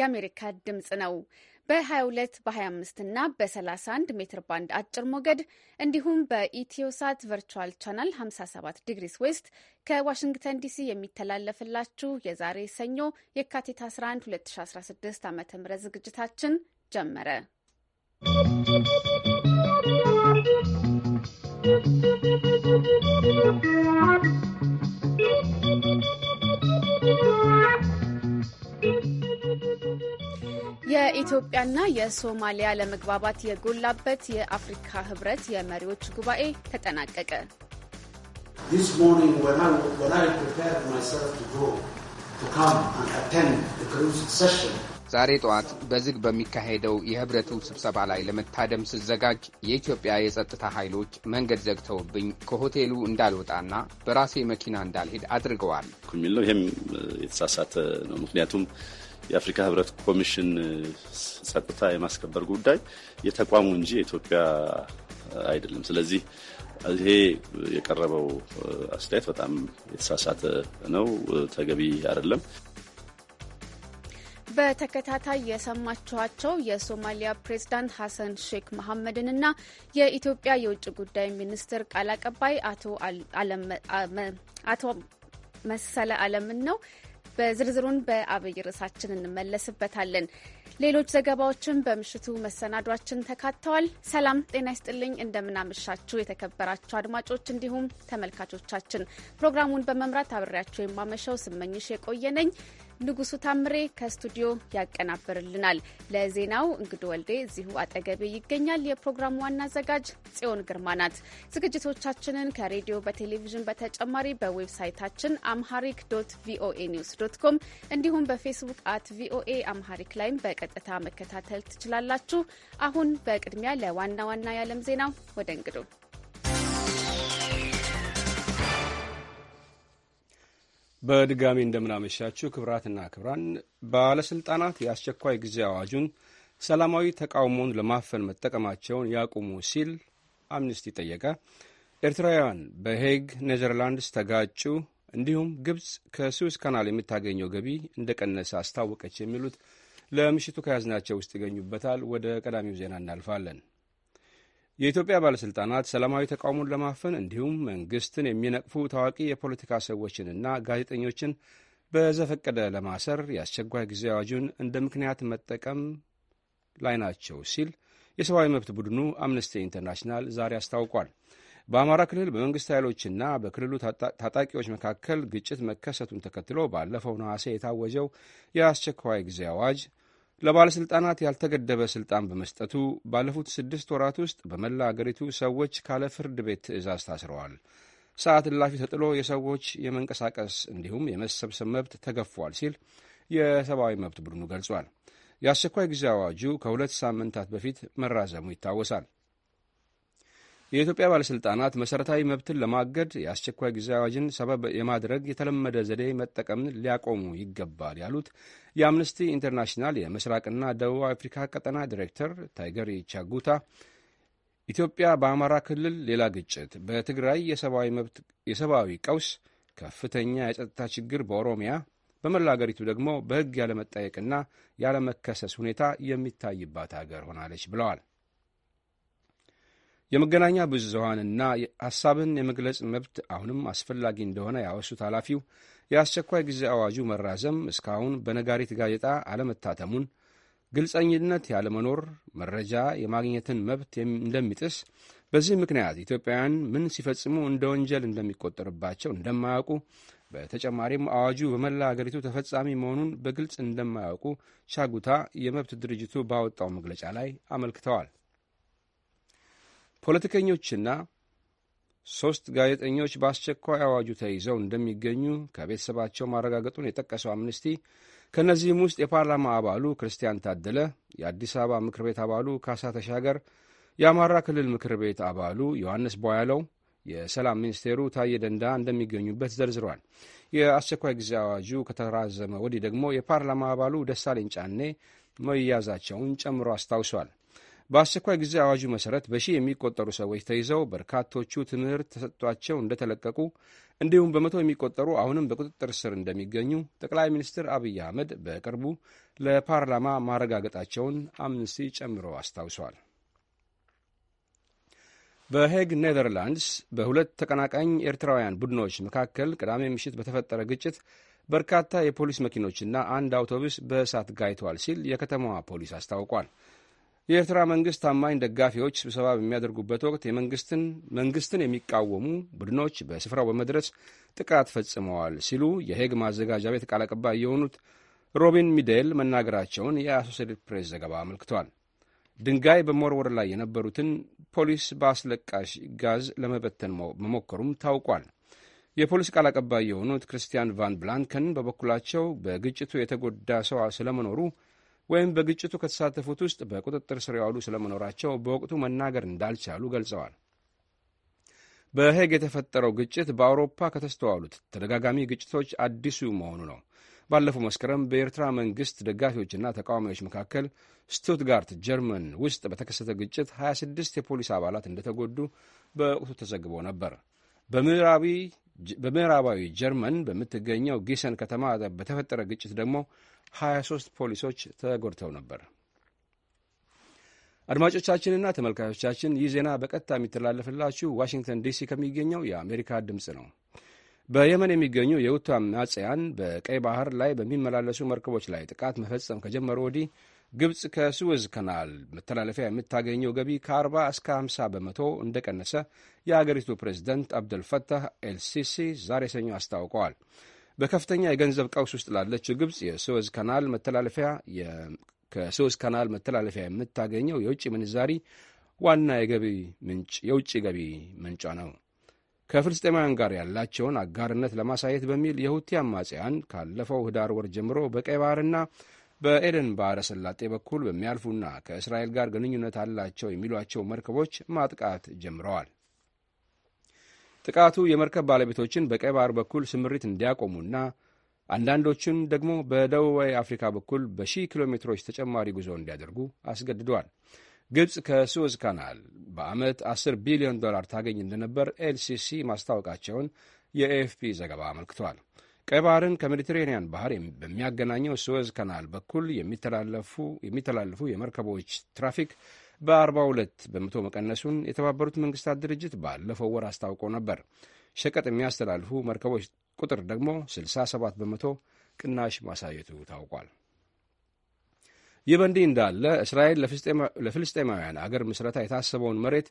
የአሜሪካ ድምፅ ነው። በ22 በ25 እና በ31 ሜትር ባንድ አጭር ሞገድ እንዲሁም በኢትዮሳት ቨርቹዋል ቻናል 57 ዲግሪስ ዌስት ከዋሽንግተን ዲሲ የሚተላለፍላችሁ የዛሬ ሰኞ የካቲት 11 2016 ዓ ም ዝግጅታችን ጀመረ። ¶¶ የኢትዮጵያና የሶማሊያ ለመግባባት የጎላበት የአፍሪካ ህብረት የመሪዎች ጉባኤ ተጠናቀቀ። ዛሬ ጠዋት በዝግ በሚካሄደው የህብረቱ ስብሰባ ላይ ለመታደም ስዘጋጅ የኢትዮጵያ የጸጥታ ኃይሎች መንገድ ዘግተውብኝ ከሆቴሉ እንዳልወጣና በራሴ መኪና እንዳልሄድ አድርገዋል የሚል ይህም የተሳሳተ ነው። ምክንያቱም የአፍሪካ ህብረት ኮሚሽን ጸጥታ የማስከበር ጉዳይ የተቋሙ እንጂ የኢትዮጵያ አይደለም። ስለዚህ ይሄ የቀረበው አስተያየት በጣም የተሳሳተ ነው፣ ተገቢ አይደለም። በተከታታይ የሰማችኋቸው የሶማሊያ ፕሬዝዳንት ሀሰን ሼክ መሐመድንና የኢትዮጵያ የውጭ ጉዳይ ሚኒስትር ቃል አቀባይ አቶ መሰለ አለምን ነው። በዝርዝሩን በአብይ ርዕሳችን እንመለስበታለን። ሌሎች ዘገባዎችን በምሽቱ መሰናዷችን ተካተዋል። ሰላም ጤና ይስጥልኝ። እንደምናመሻችሁ የተከበራችሁ አድማጮች እንዲሁም ተመልካቾቻችን ፕሮግራሙን በመምራት አብሬያችሁ የማመሻው ስመኝሽ የቆየነኝ ንጉሱ ታምሬ ከስቱዲዮ ያቀናብርልናል። ለዜናው እንግዶ ወልዴ እዚሁ አጠገቤ ይገኛል። የፕሮግራሙ ዋና አዘጋጅ ጽዮን ግርማ ናት። ዝግጅቶቻችንን ከሬዲዮ በቴሌቪዥን በተጨማሪ በዌብሳይታችን አምሃሪክ ዶት ቪኦኤ ኒውስ ዶት ኮም እንዲሁም በፌስቡክ አት ቪኦኤ አምሃሪክ ላይም በቀጥታ መከታተል ትችላላችሁ። አሁን በቅድሚያ ለዋና ዋና የዓለም ዜናው ወደ እንግዶ በድጋሚ እንደምናመሻችሁ ክብራትና ክብራን። ባለሥልጣናት የአስቸኳይ ጊዜ አዋጁን ሰላማዊ ተቃውሞን ለማፈን መጠቀማቸውን ያቁሙ ሲል አምኒስቲ ጠየቀ። ኤርትራውያን በሄግ ኔዘርላንድስ ተጋጩ። እንዲሁም ግብፅ ከስዊስ ካናል የምታገኘው ገቢ እንደቀነሰ አስታወቀች። የሚሉት ለምሽቱ ከያዝናቸው ውስጥ ይገኙበታል። ወደ ቀዳሚው ዜና እናልፋለን። የኢትዮጵያ ባለሥልጣናት ሰላማዊ ተቃውሞን ለማፈን እንዲሁም መንግሥትን የሚነቅፉ ታዋቂ የፖለቲካ ሰዎችንና ጋዜጠኞችን በዘፈቀደ ለማሰር የአስቸኳይ ጊዜ አዋጁን እንደ ምክንያት መጠቀም ላይ ናቸው ሲል የሰብአዊ መብት ቡድኑ አምነስቲ ኢንተርናሽናል ዛሬ አስታውቋል። በአማራ ክልል በመንግሥት ኃይሎችና በክልሉ ታጣቂዎች መካከል ግጭት መከሰቱን ተከትሎ ባለፈው ነሐሴ የታወጀው የአስቸኳይ ጊዜ አዋጅ ለባለሥልጣናት ያልተገደበ ሥልጣን በመስጠቱ ባለፉት ስድስት ወራት ውስጥ በመላ አገሪቱ ሰዎች ካለ ፍርድ ቤት ትዕዛዝ ታስረዋል። ሰዓት እላፊ ተጥሎ የሰዎች የመንቀሳቀስ እንዲሁም የመሰብሰብ መብት ተገፏል ሲል የሰብአዊ መብት ቡድኑ ገልጿል። የአስቸኳይ ጊዜ አዋጁ ከሁለት ሳምንታት በፊት መራዘሙ ይታወሳል። የኢትዮጵያ ባለሥልጣናት መሠረታዊ መብትን ለማገድ የአስቸኳይ ጊዜ አዋጅን ሰበብ የማድረግ የተለመደ ዘዴ መጠቀምን ሊያቆሙ ይገባል ያሉት የአምነስቲ ኢንተርናሽናል የምስራቅና ደቡብ አፍሪካ ቀጠና ዲሬክተር ታይገር ቻጉታ ኢትዮጵያ በአማራ ክልል ሌላ ግጭት፣ በትግራይ የሰብአዊ ቀውስ፣ ከፍተኛ የጸጥታ ችግር በኦሮሚያ በመላ አገሪቱ ደግሞ በሕግ ያለመጠየቅና ያለመከሰስ ሁኔታ የሚታይባት አገር ሆናለች ብለዋል። የመገናኛ ብዙኃንና ሐሳብን የመግለጽ መብት አሁንም አስፈላጊ እንደሆነ ያወሱት ኃላፊው የአስቸኳይ ጊዜ አዋጁ መራዘም እስካሁን በነጋሪት ጋዜጣ አለመታተሙን፣ ግልጸኝነት ያለመኖር መረጃ የማግኘትን መብት እንደሚጥስ፣ በዚህ ምክንያት ኢትዮጵያውያን ምን ሲፈጽሙ እንደ ወንጀል እንደሚቆጠርባቸው እንደማያውቁ፣ በተጨማሪም አዋጁ በመላ አገሪቱ ተፈጻሚ መሆኑን በግልጽ እንደማያውቁ ቻጉታ የመብት ድርጅቱ ባወጣው መግለጫ ላይ አመልክተዋል። ፖለቲከኞችና ሦስት ጋዜጠኞች በአስቸኳይ አዋጁ ተይዘው እንደሚገኙ ከቤተሰባቸው ማረጋገጡን የጠቀሰው አምነስቲ ከእነዚህም ውስጥ የፓርላማ አባሉ ክርስቲያን ታደለ፣ የአዲስ አበባ ምክር ቤት አባሉ ካሳ ተሻገር፣ የአማራ ክልል ምክር ቤት አባሉ ዮሐንስ ቧያለው፣ የሰላም ሚኒስቴሩ ታዬ ደንዳ እንደሚገኙበት ዘርዝሯል። የአስቸኳይ ጊዜ አዋጁ ከተራዘመ ወዲህ ደግሞ የፓርላማ አባሉ ደሳለኝ ጫኔ መያዛቸውን ጨምሮ አስታውሷል። በአስቸኳይ ጊዜ አዋጁ መሠረት በሺህ የሚቆጠሩ ሰዎች ተይዘው በርካቶቹ ትምህርት ተሰጥቷቸው እንደተለቀቁ እንዲሁም በመቶ የሚቆጠሩ አሁንም በቁጥጥር ስር እንደሚገኙ ጠቅላይ ሚኒስትር አብይ አህመድ በቅርቡ ለፓርላማ ማረጋገጣቸውን አምነስቲ ጨምሮ አስታውሷል። በሄግ ኔዘርላንድስ በሁለት ተቀናቃኝ ኤርትራውያን ቡድኖች መካከል ቅዳሜ ምሽት በተፈጠረ ግጭት በርካታ የፖሊስ መኪኖችና አንድ አውቶቡስ በእሳት ጋይተዋል ሲል የከተማዋ ፖሊስ አስታውቋል። የኤርትራ መንግስት ታማኝ ደጋፊዎች ስብሰባ በሚያደርጉበት ወቅት የመንግስትን መንግስትን የሚቃወሙ ቡድኖች በስፍራው በመድረስ ጥቃት ፈጽመዋል ሲሉ የሄግ ማዘጋጃ ቤት ቃል አቀባይ የሆኑት ሮቢን ሚዴል መናገራቸውን የአሶሴትድ ፕሬስ ዘገባ አመልክቷል። ድንጋይ በመወርወር ላይ የነበሩትን ፖሊስ በአስለቃሽ ጋዝ ለመበተን መሞከሩም ታውቋል። የፖሊስ ቃል አቀባይ የሆኑት ክርስቲያን ቫን ብላንከን በበኩላቸው በግጭቱ የተጎዳ ሰው ስለመኖሩ ወይም በግጭቱ ከተሳተፉት ውስጥ በቁጥጥር ስር የዋሉ ስለመኖራቸው በወቅቱ መናገር እንዳልቻሉ ገልጸዋል። በሄግ የተፈጠረው ግጭት በአውሮፓ ከተስተዋሉት ተደጋጋሚ ግጭቶች አዲሱ መሆኑ ነው። ባለፈው መስከረም በኤርትራ መንግሥት ደጋፊዎችና ተቃዋሚዎች መካከል ስቱትጋርት ጀርመን ውስጥ በተከሰተ ግጭት 26 የፖሊስ አባላት እንደተጎዱ በወቅቱ ተዘግቦ ነበር። በምዕራባዊ በምዕራባዊ ጀርመን በምትገኘው ጊሰን ከተማ በተፈጠረ ግጭት ደግሞ 23 ፖሊሶች ተጎድተው ነበር። አድማጮቻችንና ተመልካቾቻችን ይህ ዜና በቀጥታ የሚተላለፍላችሁ ዋሽንግተን ዲሲ ከሚገኘው የአሜሪካ ድምፅ ነው። በየመን የሚገኙ የሁቲ አማጽያን በቀይ ባህር ላይ በሚመላለሱ መርከቦች ላይ ጥቃት መፈጸም ከጀመሩ ወዲህ ግብፅ ከስዌዝ ካናል መተላለፊያ የምታገኘው ገቢ ከ40 እስከ 50 በመቶ እንደቀነሰ የአገሪቱ ፕሬዚደንት አብደልፈታህ ኤልሲሲ ዛሬ ሰኞ አስታውቀዋል። በከፍተኛ የገንዘብ ቀውስ ውስጥ ላለችው ግብፅ የስዌዝ ካናል መተላለፊያ ከስዌዝ ካናል መተላለፊያ የምታገኘው የውጭ ምንዛሪ ዋና የገቢ ምንጭ የውጭ ገቢ ምንጫ ነው። ከፍልስጤማውያን ጋር ያላቸውን አጋርነት ለማሳየት በሚል የሁቲ አማጽያን ካለፈው ህዳር ወር ጀምሮ በቀይ ባህርና በኤደን ባህረ ሰላጤ በኩል በሚያልፉና ከእስራኤል ጋር ግንኙነት አላቸው የሚሏቸው መርከቦች ማጥቃት ጀምረዋል። ጥቃቱ የመርከብ ባለቤቶችን በቀይ ባህር በኩል ስምሪት እንዲያቆሙና አንዳንዶቹን ደግሞ በደቡባዊ አፍሪካ በኩል በሺህ ኪሎ ሜትሮች ተጨማሪ ጉዞ እንዲያደርጉ አስገድዷል። ግብፅ ከሱዌዝ ካናል በዓመት 10 ቢሊዮን ዶላር ታገኝ እንደነበር ኤልሲሲ ማስታወቃቸውን የኤኤፍፒ ዘገባ አመልክቷል። ቀይ ባህርን ከሜዲትሬንያን ባህር በሚያገናኘው ስዌዝ ካናል በኩል የሚተላለፉ የመርከቦች ትራፊክ በ42 በመቶ መቀነሱን የተባበሩት መንግስታት ድርጅት ባለፈው ወር አስታውቆ ነበር። ሸቀጥ የሚያስተላልፉ መርከቦች ቁጥር ደግሞ 67 በመቶ ቅናሽ ማሳየቱ ታውቋል። ይህ በእንዲህ እንዳለ እስራኤል ለፍልስጤማውያን አገር ምስረታ የታሰበውን መሬት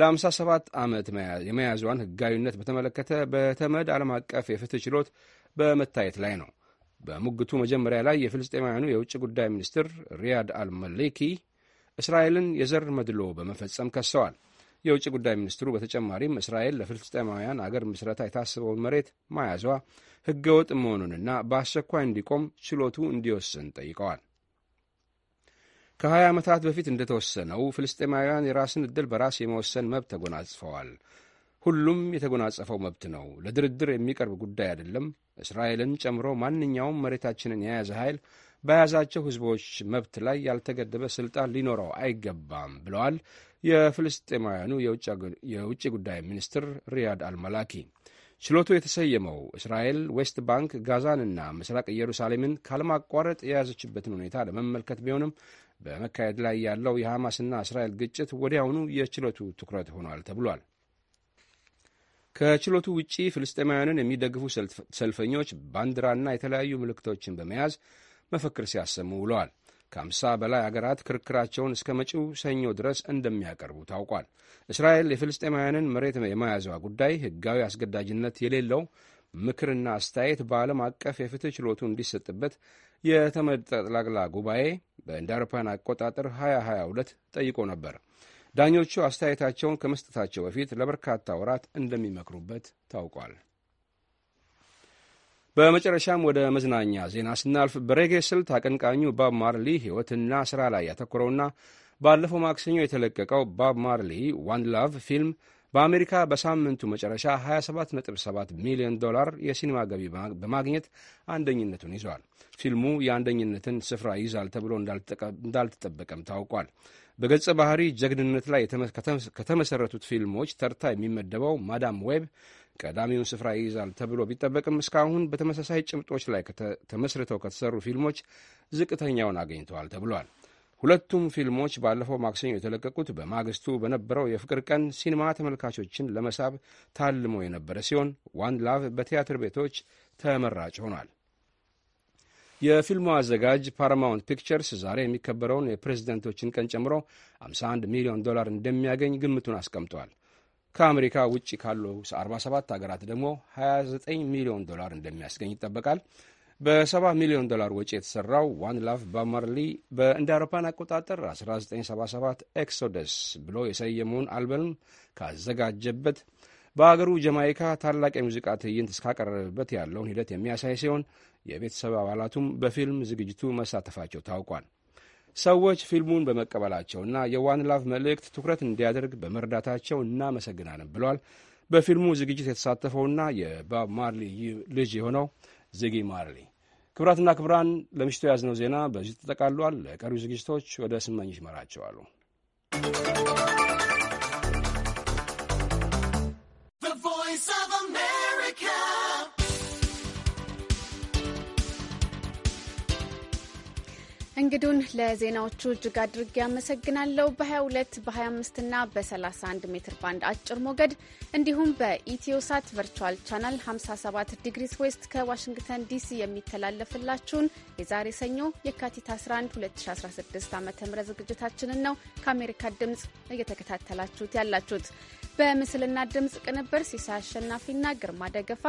ለ57 ዓመት የመያዟን ህጋዊነት በተመለከተ በተመድ ዓለም አቀፍ የፍትህ ችሎት በመታየት ላይ ነው። በሙግቱ መጀመሪያ ላይ የፍልስጤማውያኑ የውጭ ጉዳይ ሚኒስትር ሪያድ አልመሌኪ እስራኤልን የዘር መድሎ በመፈጸም ከሰዋል። የውጭ ጉዳይ ሚኒስትሩ በተጨማሪም እስራኤል ለፍልስጤማውያን አገር ምስረታ የታሰበውን መሬት መያዟ ህገወጥ መሆኑንና በአስቸኳይ እንዲቆም ችሎቱ እንዲወስን ጠይቀዋል። ከ20 ዓመታት በፊት እንደተወሰነው ፍልስጤማውያን የራስን ዕድል በራስ የመወሰን መብት ተጎናጽፈዋል። ሁሉም የተጎናጸፈው መብት ነው። ለድርድር የሚቀርብ ጉዳይ አይደለም። እስራኤልን ጨምሮ ማንኛውም መሬታችንን የያዘ ኃይል በያዛቸው ሕዝቦች መብት ላይ ያልተገደበ ስልጣን ሊኖረው አይገባም ብለዋል የፍልስጤማውያኑ የውጭ ጉዳይ ሚኒስትር ሪያድ አልመላኪ። ችሎቱ የተሰየመው እስራኤል ዌስት ባንክ፣ ጋዛንና ምስራቅ ኢየሩሳሌምን ካለማቋረጥ የያዘችበትን ሁኔታ ለመመልከት ቢሆንም በመካሄድ ላይ ያለው የሐማስና እስራኤል ግጭት ወዲያውኑ የችሎቱ ትኩረት ሆኗል ተብሏል። ከችሎቱ ውጪ ፍልስጤማውያንን የሚደግፉ ሰልፈኞች ባንዲራና የተለያዩ ምልክቶችን በመያዝ መፈክር ሲያሰሙ ውለዋል። ከአምሳ በላይ አገራት ክርክራቸውን እስከ መጪው ሰኞ ድረስ እንደሚያቀርቡ ታውቋል። እስራኤል የፍልስጤማውያንን መሬት የመያዟ ጉዳይ ሕጋዊ አስገዳጅነት የሌለው ምክርና አስተያየት በዓለም አቀፍ የፍትህ ችሎቱ እንዲሰጥበት የተመድ ጠቅላላ ጉባኤ በእንደ አውሮፓውያን አቆጣጠር 2022 ጠይቆ ነበር። ዳኞቹ አስተያየታቸውን ከመስጠታቸው በፊት ለበርካታ ወራት እንደሚመክሩበት ታውቋል። በመጨረሻም ወደ መዝናኛ ዜና ስናልፍ በሬጌ ስልት አቀንቃኙ ባብ ማርሊ ሕይወትና ሥራ ላይ ያተኮረውና ባለፈው ማክሰኞ የተለቀቀው ባብ ማርሊ ዋን ላቭ ፊልም በአሜሪካ በሳምንቱ መጨረሻ 277 ሚሊዮን ዶላር የሲኒማ ገቢ በማግኘት አንደኝነቱን ይዟል። ፊልሙ የአንደኝነትን ስፍራ ይዛል ተብሎ እንዳልተጠበቀም ታውቋል። በገጸ ባህሪ ጀግንነት ላይ ከተመሠረቱት ፊልሞች ተርታ የሚመደበው ማዳም ዌብ ቀዳሚውን ስፍራ ይይዛል ተብሎ ቢጠበቅም እስካሁን በተመሳሳይ ጭብጦች ላይ ተመስርተው ከተሰሩ ፊልሞች ዝቅተኛውን አግኝተዋል ተብሏል። ሁለቱም ፊልሞች ባለፈው ማክሰኞ የተለቀቁት በማግስቱ በነበረው የፍቅር ቀን ሲኒማ ተመልካቾችን ለመሳብ ታልሞ የነበረ ሲሆን ዋን ላቭ በቲያትር ቤቶች ተመራጭ ሆኗል። የፊልሙ አዘጋጅ ፓራማውንት ፒክቸርስ ዛሬ የሚከበረውን የፕሬዝደንቶችን ቀን ጨምሮ 51 ሚሊዮን ዶላር እንደሚያገኝ ግምቱን አስቀምጧል። ከአሜሪካ ውጭ ካሉ 47 ሀገራት ደግሞ 29 ሚሊዮን ዶላር እንደሚያስገኝ ይጠበቃል። በ7 ሚሊዮን ዶላር ወጪ የተሰራው ዋን ላቭ በማርሊ በእንደ አውሮፓን አቆጣጠር 1977 ኤክሶደስ ብሎ የሰየመውን አልበም ካዘጋጀበት በአገሩ ጀማይካ ታላቅ የሙዚቃ ትዕይንት እስካቀረበበት ያለውን ሂደት የሚያሳይ ሲሆን የቤተሰብ አባላቱም በፊልም ዝግጅቱ መሳተፋቸው ታውቋል። ሰዎች ፊልሙን በመቀበላቸውና የዋን ላቭ መልእክት ትኩረት እንዲያደርግ በመርዳታቸው እናመሰግናለን ብሏል። በፊልሙ ዝግጅት የተሳተፈውና የባብ ማርሊ ልጅ የሆነው ዝጊ ማርሊ። ክብራትና ክብራን ለምሽቱ የያዝነው ዜና በዚህ ተጠቃሏል። ለቀሪው ዝግጅቶች ወደ ስመኝሽ ይመራቸዋሉ። እንግዲሁን ለዜናዎቹ እጅግ አድርጌ ያመሰግናለሁ። በ22 በ25 እና በ31 ሜትር ባንድ አጭር ሞገድ እንዲሁም በኢትዮሳት ቨርቹዋል ቻናል 57 ዲግሪስ ዌስት ከዋሽንግተን ዲሲ የሚተላለፍላችሁን የዛሬ ሰኞ የካቲት 11 2016 ዓ ም ዝግጅታችንን ነው ከአሜሪካ ድምፅ እየተከታተላችሁት ያላችሁት። በምስልና ድምፅ ቅንብር ሲሳይ አሸናፊና ግርማ ደገፋ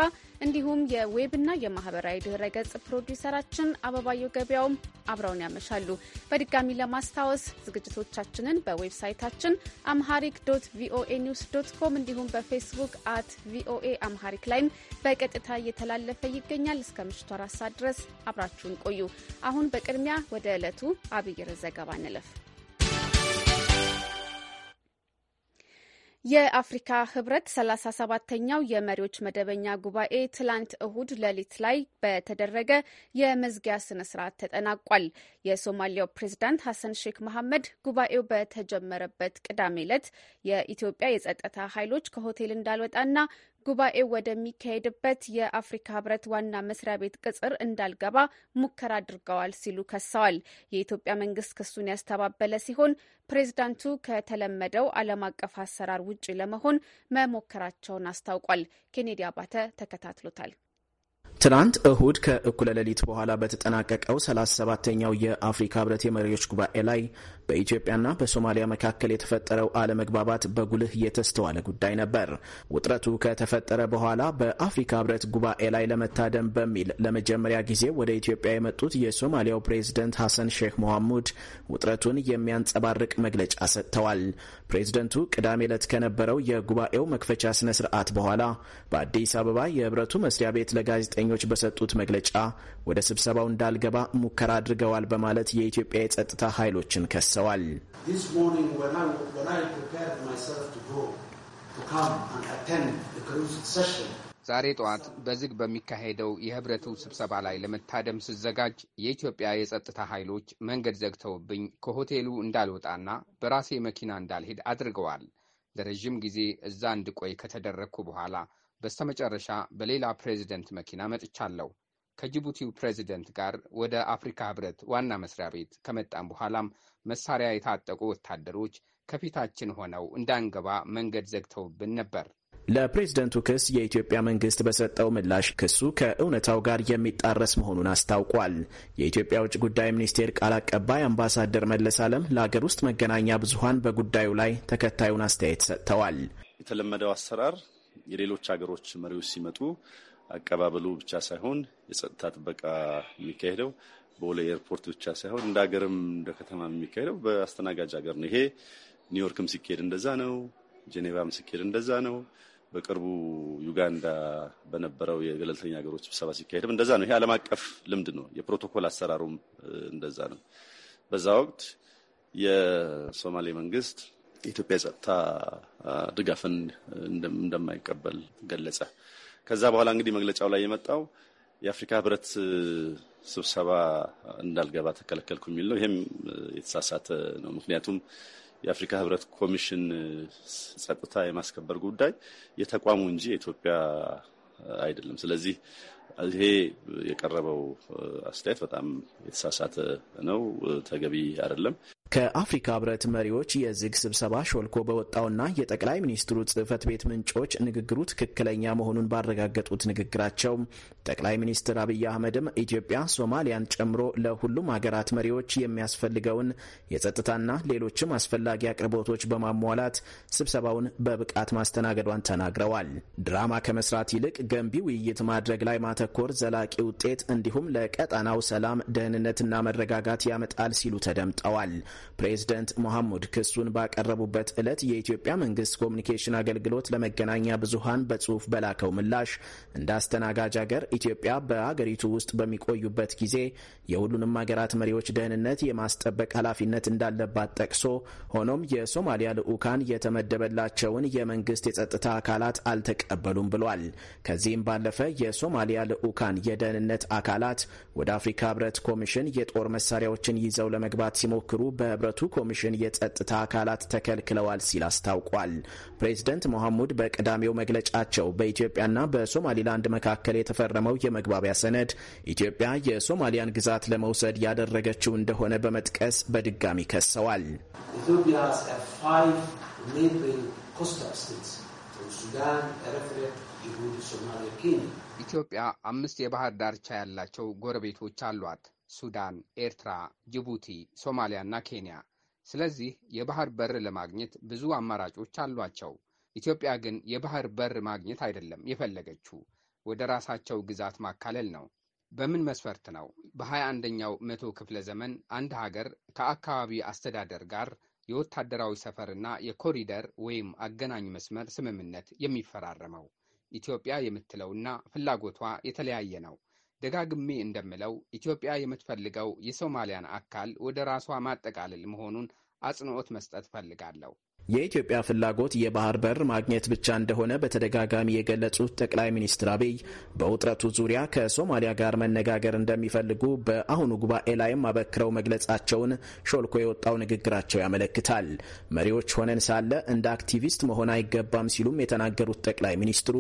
እንዲሁም የዌብና የማህበራዊ ድህረ ገጽ ፕሮዲውሰራችን አበባየው ገበያውም አብረውን ያመ ያመሻሉ። በድጋሚ ለማስታወስ ዝግጅቶቻችንን በዌብሳይታችን አምሃሪክ ዶት ቪኦኤ ኒውስ ዶት ኮም እንዲሁም በፌስቡክ አት ቪኦኤ አምሃሪክ ላይም በቀጥታ እየተላለፈ ይገኛል። እስከ ምሽቱ አራት ሰዓት ድረስ አብራችሁን ቆዩ። አሁን በቅድሚያ ወደ ዕለቱ አብይር ዘገባ እንለፍ። የአፍሪካ ህብረት 37ተኛው የመሪዎች መደበኛ ጉባኤ ትላንት እሁድ ሌሊት ላይ በተደረገ የመዝጊያ ስነ ስርዓት ተጠናቋል። የሶማሊያው ፕሬዝዳንት ሐሰን ሼክ መሐመድ ጉባኤው በተጀመረበት ቅዳሜ ዕለት የኢትዮጵያ የጸጥታ ኃይሎች ከሆቴል እንዳልወጣና ጉባኤ ወደሚካሄድበት የአፍሪካ ህብረት ዋና መስሪያ ቤት ቅጽር እንዳልገባ ሙከራ አድርገዋል ሲሉ ከሰዋል። የኢትዮጵያ መንግስት ክሱን ያስተባበለ ሲሆን ፕሬዝዳንቱ ከተለመደው ዓለም አቀፍ አሰራር ውጪ ለመሆን መሞከራቸውን አስታውቋል። ኬኔዲ አባተ ተከታትሎታል። ትናንት እሁድ ከእኩለ ሌሊት በኋላ በተጠናቀቀው 37ተኛው የአፍሪካ ህብረት የመሪዎች ጉባኤ ላይ በኢትዮጵያና በሶማሊያ መካከል የተፈጠረው አለመግባባት በጉልህ የተስተዋለ ጉዳይ ነበር። ውጥረቱ ከተፈጠረ በኋላ በአፍሪካ ህብረት ጉባኤ ላይ ለመታደም በሚል ለመጀመሪያ ጊዜ ወደ ኢትዮጵያ የመጡት የሶማሊያው ፕሬዝደንት ሐሰን ሼክ ሞሐሙድ ውጥረቱን የሚያንጸባርቅ መግለጫ ሰጥተዋል። ፕሬዝደንቱ ቅዳሜ ዕለት ከነበረው የጉባኤው መክፈቻ ስነ ስርዓት በኋላ በአዲስ አበባ የህብረቱ መስሪያ ቤት ለጋዜጠኞ ጋዜጠኞች በሰጡት መግለጫ ወደ ስብሰባው እንዳልገባ ሙከራ አድርገዋል በማለት የኢትዮጵያ የጸጥታ ኃይሎችን ከሰዋል። ዛሬ ጠዋት በዝግ በሚካሄደው የህብረቱ ስብሰባ ላይ ለመታደም ስዘጋጅ የኢትዮጵያ የጸጥታ ኃይሎች መንገድ ዘግተውብኝ ከሆቴሉ እንዳልወጣና በራሴ መኪና እንዳልሄድ አድርገዋል። ለረዥም ጊዜ እዛ እንድቆይ ከተደረግኩ በኋላ በስተመጨረሻ በሌላ ፕሬዚደንት መኪና መጥቻለሁ። ከጅቡቲው ፕሬዚደንት ጋር ወደ አፍሪካ ህብረት ዋና መስሪያ ቤት ከመጣም በኋላም መሳሪያ የታጠቁ ወታደሮች ከፊታችን ሆነው እንዳንገባ መንገድ ዘግተውብን ነበር። ለፕሬዝደንቱ ክስ የኢትዮጵያ መንግስት በሰጠው ምላሽ ክሱ ከእውነታው ጋር የሚጣረስ መሆኑን አስታውቋል። የኢትዮጵያ ውጭ ጉዳይ ሚኒስቴር ቃል አቀባይ አምባሳደር መለስ አለም ለአገር ውስጥ መገናኛ ብዙኃን በጉዳዩ ላይ ተከታዩን አስተያየት ሰጥተዋል። የተለመደው አሰራር የሌሎች ሀገሮች መሪዎች ሲመጡ አቀባበሉ ብቻ ሳይሆን የጸጥታ ጥበቃ የሚካሄደው በቦሌ ኤርፖርት ብቻ ሳይሆን እንደ ሀገርም እንደ ከተማ የሚካሄደው በአስተናጋጅ ሀገር ነው። ይሄ ኒውዮርክም ሲካሄድ እንደዛ ነው። ጄኔቫም ሲካሄድ እንደዛ ነው። በቅርቡ ዩጋንዳ በነበረው የገለልተኛ ሀገሮች ስብሰባ ሲካሄድም እንደዛ ነው። ይሄ ዓለም አቀፍ ልምድ ነው። የፕሮቶኮል አሰራሩም እንደዛ ነው። በዛ ወቅት የሶማሌ መንግስት የኢትዮጵያ ጸጥታ ድጋፍን እንደማይቀበል ገለጸ። ከዛ በኋላ እንግዲህ መግለጫው ላይ የመጣው የአፍሪካ ህብረት ስብሰባ እንዳልገባ ተከለከልኩ የሚል ነው። ይህም የተሳሳተ ነው። ምክንያቱም የአፍሪካ ህብረት ኮሚሽን ጸጥታ የማስከበር ጉዳይ የተቋሙ እንጂ የኢትዮጵያ አይደለም። ስለዚህ ይሄ የቀረበው አስተያየት በጣም የተሳሳተ ነው፣ ተገቢ አይደለም። ከአፍሪካ ህብረት መሪዎች የዝግ ስብሰባ ሾልኮ በወጣውና የጠቅላይ ሚኒስትሩ ጽህፈት ቤት ምንጮች ንግግሩ ትክክለኛ መሆኑን ባረጋገጡት ንግግራቸው ጠቅላይ ሚኒስትር አብይ አህመድም ኢትዮጵያ ሶማሊያን ጨምሮ ለሁሉም ሀገራት መሪዎች የሚያስፈልገውን የጸጥታና ሌሎችም አስፈላጊ አቅርቦቶች በማሟላት ስብሰባውን በብቃት ማስተናገዷን ተናግረዋል። ድራማ ከመስራት ይልቅ ገንቢ ውይይት ማድረግ ላይ ማተኮር ዘላቂ ውጤት እንዲሁም ለቀጠናው ሰላም፣ ደህንነትና መረጋጋት ያመጣል ሲሉ ተደምጠዋል። ፕሬዝደንት ሞሐሙድ ክሱን ባቀረቡበት ዕለት የኢትዮጵያ መንግስት ኮሚኒኬሽን አገልግሎት ለመገናኛ ብዙሃን በጽሁፍ በላከው ምላሽ እንደ አስተናጋጅ አገር ኢትዮጵያ በአገሪቱ ውስጥ በሚቆዩበት ጊዜ የሁሉንም ሀገራት መሪዎች ደህንነት የማስጠበቅ ኃላፊነት እንዳለባት ጠቅሶ ሆኖም የሶማሊያ ልዑካን የተመደበላቸውን የመንግስት የጸጥታ አካላት አልተቀበሉም ብሏል። ከዚህም ባለፈ የሶማሊያ ልዑካን የደህንነት አካላት ወደ አፍሪካ ህብረት ኮሚሽን የጦር መሳሪያዎችን ይዘው ለመግባት ሲሞክሩ በ በህብረቱ ኮሚሽን የጸጥታ አካላት ተከልክለዋል ሲል አስታውቋል። ፕሬዚደንት ሞሐሙድ በቅዳሜው መግለጫቸው በኢትዮጵያና በሶማሊላንድ መካከል የተፈረመው የመግባቢያ ሰነድ ኢትዮጵያ የሶማሊያን ግዛት ለመውሰድ ያደረገችው እንደሆነ በመጥቀስ በድጋሚ ከሰዋል። ኢትዮጵያ አምስት የባህር ዳርቻ ያላቸው ጎረቤቶች አሏት። ሱዳን፣ ኤርትራ፣ ጅቡቲ፣ ሶማሊያና ኬንያ። ስለዚህ የባህር በር ለማግኘት ብዙ አማራጮች አሏቸው። ኢትዮጵያ ግን የባህር በር ማግኘት አይደለም የፈለገችው፣ ወደ ራሳቸው ግዛት ማካለል ነው። በምን መስፈርት ነው? በሃያ አንደኛው መቶ ክፍለ ዘመን አንድ ሀገር ከአካባቢ አስተዳደር ጋር የወታደራዊ ሰፈርና የኮሪደር ወይም አገናኝ መስመር ስምምነት የሚፈራረመው? ኢትዮጵያ የምትለውና ፍላጎቷ የተለያየ ነው። ደጋግሜ እንደምለው ኢትዮጵያ የምትፈልገው የሶማሊያን አካል ወደ ራሷ ማጠቃለል መሆኑን አጽንኦት መስጠት ፈልጋለሁ። የኢትዮጵያ ፍላጎት የባህር በር ማግኘት ብቻ እንደሆነ በተደጋጋሚ የገለጹት ጠቅላይ ሚኒስትር አብይ በውጥረቱ ዙሪያ ከሶማሊያ ጋር መነጋገር እንደሚፈልጉ በአሁኑ ጉባኤ ላይም አበክረው መግለጻቸውን ሾልኮ የወጣው ንግግራቸው ያመለክታል። መሪዎች ሆነን ሳለ እንደ አክቲቪስት መሆን አይገባም ሲሉም የተናገሩት ጠቅላይ ሚኒስትሩ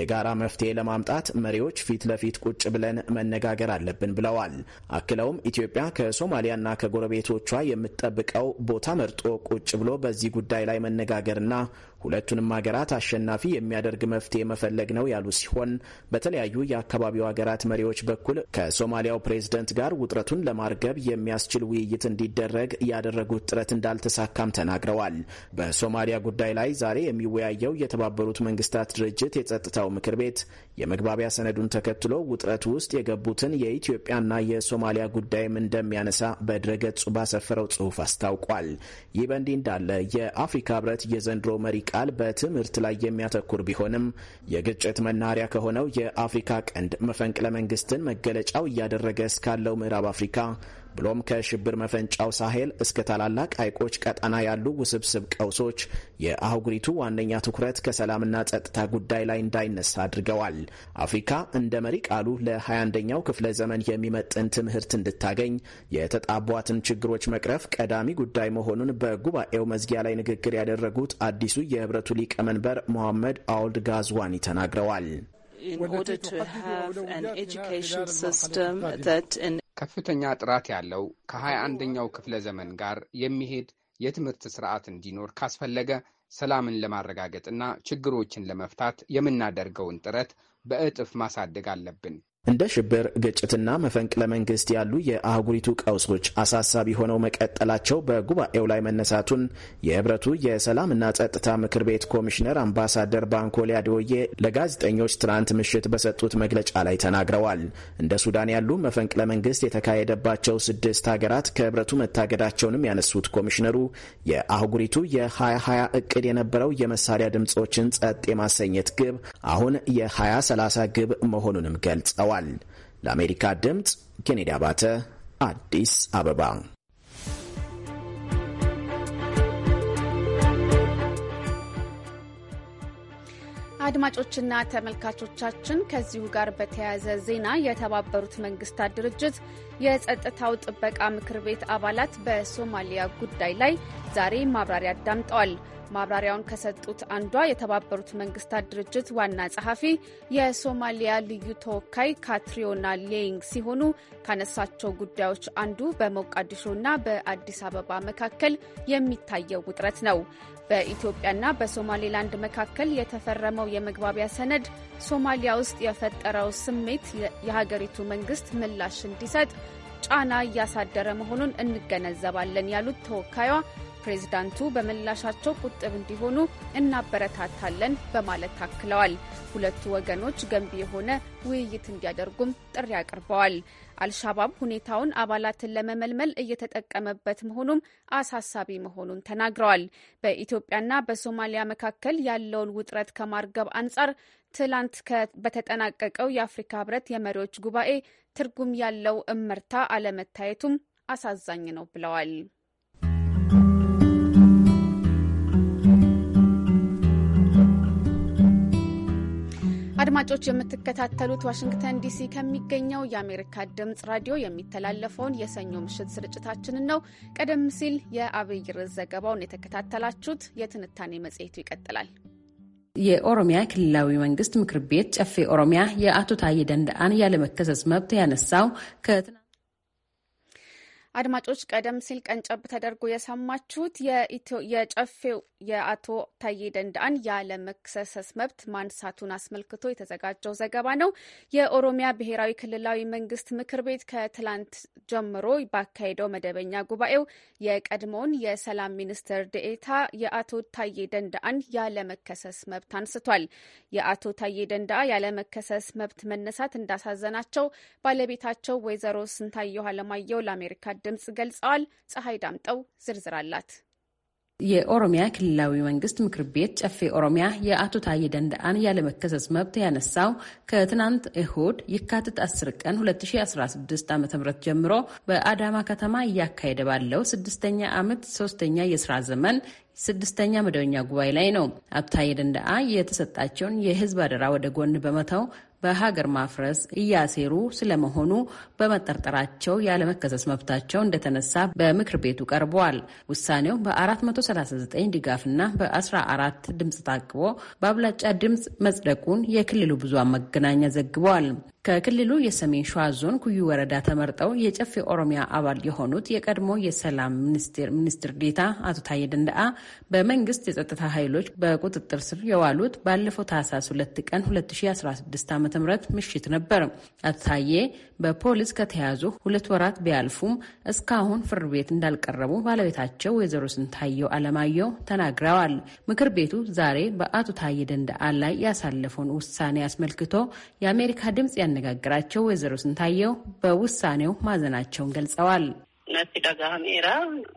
የጋራ መፍትሄ ለማምጣት መሪዎች ፊት ለፊት ቁጭ ብለን መነጋገር አለብን ብለዋል። አክለውም ኢትዮጵያ ከሶማሊያና ከጎረቤቶቿ የምትጠብቀው ቦታ መርጦ ቁጭ ብሎ በዚህ ጉዳይ ጉዳይ ላይ መነጋገርና ሁለቱንም ሀገራት አሸናፊ የሚያደርግ መፍትሄ መፈለግ ነው ያሉ ሲሆን በተለያዩ የአካባቢው ሀገራት መሪዎች በኩል ከሶማሊያው ፕሬዝደንት ጋር ውጥረቱን ለማርገብ የሚያስችል ውይይት እንዲደረግ ያደረጉት ጥረት እንዳልተሳካም ተናግረዋል። በሶማሊያ ጉዳይ ላይ ዛሬ የሚወያየው የተባበሩት መንግስታት ድርጅት የጸጥታው ምክር ቤት የመግባቢያ ሰነዱን ተከትሎ ውጥረት ውስጥ የገቡትን የኢትዮጵያና የሶማሊያ ጉዳይም እንደሚያነሳ በድረገጹ ባሰፈረው ጽሑፍ አስታውቋል። ይህ በእንዲህ እንዳለ የአፍሪካ ህብረት የዘንድሮ መሪ ቃል በትምህርት ላይ የሚያተኩር ቢሆንም የግጭት መናኸሪያ ከሆነው የአፍሪካ ቀንድ መፈንቅለ መንግስትን መገለጫው እያደረገ እስካለው ምዕራብ አፍሪካ ብሎም ከሽብር መፈንጫው ሳሄል እስከ ታላላቅ ሐይቆች ቀጠና ያሉ ውስብስብ ቀውሶች የአህጉሪቱ ዋነኛ ትኩረት ከሰላምና ጸጥታ ጉዳይ ላይ እንዳይነሳ አድርገዋል። አፍሪካ እንደ መሪ ቃሉ ለ21ኛው ክፍለ ዘመን የሚመጥን ትምህርት እንድታገኝ የተጣቧትን ችግሮች መቅረፍ ቀዳሚ ጉዳይ መሆኑን በጉባኤው መዝጊያ ላይ ንግግር ያደረጉት አዲሱ የህብረቱ ሊቀመንበር ሞሐመድ አውልድ ጋዝዋኒ ተናግረዋል። in order to have an education system that ከፍተኛ ጥራት ያለው ከሀያ አንደኛው ክፍለ ዘመን ጋር የሚሄድ የትምህርት ስርዓት እንዲኖር ካስፈለገ ሰላምን ለማረጋገጥና ችግሮችን ለመፍታት የምናደርገውን ጥረት በእጥፍ ማሳደግ አለብን። እንደ ሽብር ግጭትና መፈንቅለ መንግስት ያሉ የአህጉሪቱ ቀውሶች አሳሳቢ ሆነው መቀጠላቸው በጉባኤው ላይ መነሳቱን የህብረቱ የሰላምና ጸጥታ ምክር ቤት ኮሚሽነር አምባሳደር ባንኮሊያ አድወዬ ለጋዜጠኞች ትናንት ምሽት በሰጡት መግለጫ ላይ ተናግረዋል። እንደ ሱዳን ያሉ መፈንቅለ መንግስት የተካሄደባቸው ስድስት ሀገራት ከህብረቱ መታገዳቸውንም ያነሱት ኮሚሽነሩ የአህጉሪቱ የ2020 እቅድ የነበረው የመሳሪያ ድምፆችን ጸጥ የማሰኘት ግብ አሁን የ2030 ግብ መሆኑንም ገልጸዋል። ገልጸዋል። ለአሜሪካ ድምፅ ኬኔዲ አባተ አዲስ አበባ። አድማጮችና ተመልካቾቻችን ከዚሁ ጋር በተያያዘ ዜና የተባበሩት መንግስታት ድርጅት የጸጥታው ጥበቃ ምክር ቤት አባላት በሶማሊያ ጉዳይ ላይ ዛሬ ማብራሪያ አዳምጠዋል። ማብራሪያውን ከሰጡት አንዷ የተባበሩት መንግስታት ድርጅት ዋና ጸሐፊ የሶማሊያ ልዩ ተወካይ ካትሪዮና ሌይንግ ሲሆኑ ካነሳቸው ጉዳዮች አንዱ በሞቃዲሾና በአዲስ አበባ መካከል የሚታየው ውጥረት ነው። በኢትዮጵያና በሶማሌላንድ መካከል የተፈረመው የመግባቢያ ሰነድ ሶማሊያ ውስጥ የፈጠረው ስሜት የሀገሪቱ መንግስት ምላሽ እንዲሰጥ ጫና እያሳደረ መሆኑን እንገነዘባለን ያሉት ተወካዩዋ ፕሬዚዳንቱ በምላሻቸው ቁጥብ እንዲሆኑ እናበረታታለን በማለት ታክለዋል። ሁለቱ ወገኖች ገንቢ የሆነ ውይይት እንዲያደርጉም ጥሪ አቅርበዋል። አልሻባብ ሁኔታውን አባላትን ለመመልመል እየተጠቀመበት መሆኑም አሳሳቢ መሆኑን ተናግረዋል። በኢትዮጵያና በሶማሊያ መካከል ያለውን ውጥረት ከማርገብ አንጻር ትላንት በተጠናቀቀው የአፍሪካ ህብረት የመሪዎች ጉባኤ ትርጉም ያለው እመርታ አለመታየቱም አሳዛኝ ነው ብለዋል። አድማጮች የምትከታተሉት ዋሽንግተን ዲሲ ከሚገኘው የአሜሪካ ድምጽ ራዲዮ የሚተላለፈውን የሰኞ ምሽት ስርጭታችንን ነው። ቀደም ሲል የአብይ ርዕስ ዘገባውን የተከታተላችሁት። የትንታኔ መጽሔቱ ይቀጥላል። የኦሮሚያ ክልላዊ መንግስት ምክር ቤት ጨፌ ኦሮሚያ የአቶ ታዬ ደንደአን ያለመከሰስ መብት ያነሳው ከትና አድማጮች ቀደም ሲል ቀንጨብ ተደርጎ የሰማችሁት የጨፌው የአቶ ታዬ ደንዳን ያለመከሰስ መብት ማንሳቱን አስመልክቶ የተዘጋጀው ዘገባ ነው። የኦሮሚያ ብሔራዊ ክልላዊ መንግስት ምክር ቤት ከትላንት ጀምሮ ባካሄደው መደበኛ ጉባኤው የቀድሞውን የሰላም ሚኒስትር ደኤታ የአቶ ታዬ ደንዳን ያለመከሰስ መብት አንስቷል። የአቶ ታዬ ደንዳ ያለመከሰስ መብት መነሳት እንዳሳዘናቸው ባለቤታቸው ወይዘሮ ስንታየሁ አለማየሁ ለአሜሪካ ድምፅ ገልጸዋል። ፀሐይ ዳምጠው ዝርዝር አላት። የኦሮሚያ ክልላዊ መንግስት ምክር ቤት ጨፌ ኦሮሚያ የአቶ ታዬ ደንደአን ያለመከሰስ መብት ያነሳው ከትናንት እሁድ የካቲት 10 ቀን 2016 ዓ.ም ጀምሮ በአዳማ ከተማ እያካሄደ ባለው ስድስተኛ ዓመት ሶስተኛ የስራ ዘመን ስድስተኛ መደበኛ ጉባኤ ላይ ነው። አቶ ታዬ ደንደአ የተሰጣቸውን የህዝብ አደራ ወደ ጎን በመተው በሀገር ማፍረስ እያሴሩ ስለመሆኑ በመጠርጠራቸው ያለመከሰስ መብታቸው እንደተነሳ በምክር ቤቱ ቀርበዋል። ውሳኔው በ439 ድጋፍና በ14 ድምፅ ታቅቦ በአብላጫ ድምፅ መጽደቁን የክልሉ ብዙሃን መገናኛ ዘግበዋል። ከክልሉ የሰሜን ሸዋ ዞን ኩዩ ወረዳ ተመርጠው የጨፌ ኦሮሚያ አባል የሆኑት የቀድሞ የሰላም ሚኒስቴር ሚኒስትር ዴታ አቶ ታዬ ደንደአ በመንግስት የጸጥታ ኃይሎች በቁጥጥር ስር የዋሉት ባለፈው ታህሳስ ሁለት ቀን 2016 ዓ ም ምሽት ነበር። አቶ ታዬ በፖሊስ ከተያዙ ሁለት ወራት ቢያልፉም እስካሁን ፍርድ ቤት እንዳልቀረቡ ባለቤታቸው ወይዘሮ ስንታየው አለማየሁ ተናግረዋል። ምክር ቤቱ ዛሬ በአቶ ታዬ ደንደአ ላይ ያሳለፈውን ውሳኔ አስመልክቶ የአሜሪካ ድምጽ ያነጋግራቸው ወይዘሮ ስንታየው በውሳኔው ማዘናቸውን ገልጸዋል። ነቲ ደጋሜራ